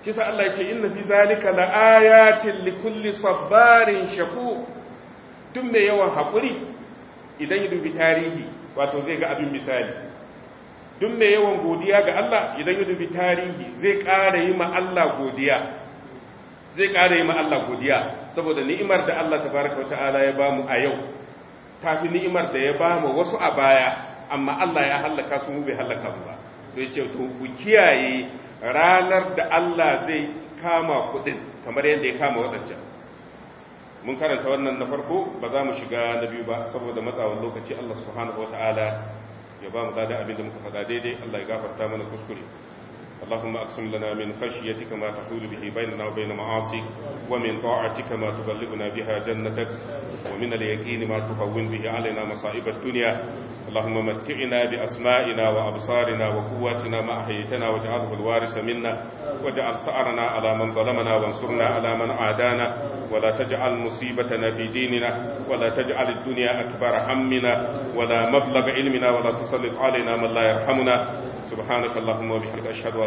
kisa Allah ya ce inna fi zalika la ayatin li kulli sabarin shaku tun mai yawan haƙuri idan ya dubi tarihi wato zai ga abin misali duk mai yawan godiya ga Allah idan yi dubi tarihi zai ƙara yi ma Allah godiya zai ƙara yi ma'alla godiya saboda ni'imar da Allah tabaraka ala ya bamu a yau ta fi ni'imar da ya bamu wasu a baya amma Allah ya hallaka su mu bai hallaka mu ba to ce to ku kiyaye ranar da Allah zai kama kuɗin kamar yadda ya kama waɗancan. mun karanta wannan na farko ba za mu shiga na biyu ba saboda matsawar lokaci Allah subhanahu ta'ala ya ba mu dadan abin da muka faɗa daidai Allah ya gafarta mana kuskure اللهم أقسم لنا من خشيتك ما تحول به بيننا وبين معاصيك ومن طاعتك ما تبلغنا بها جنتك ومن اليقين ما تهون به علينا مصائب الدنيا اللهم متعنا بأسمائنا وأبصارنا وقواتنا ما أحييتنا واجعله الوارث منا واجعل سعرنا على من ظلمنا وانصرنا على من عادانا ولا تجعل مصيبتنا في ديننا ولا تجعل الدنيا أكبر همنا ولا مبلغ علمنا ولا تسلط علينا من لا يرحمنا سبحانك اللهم وبحمدك أشهد أن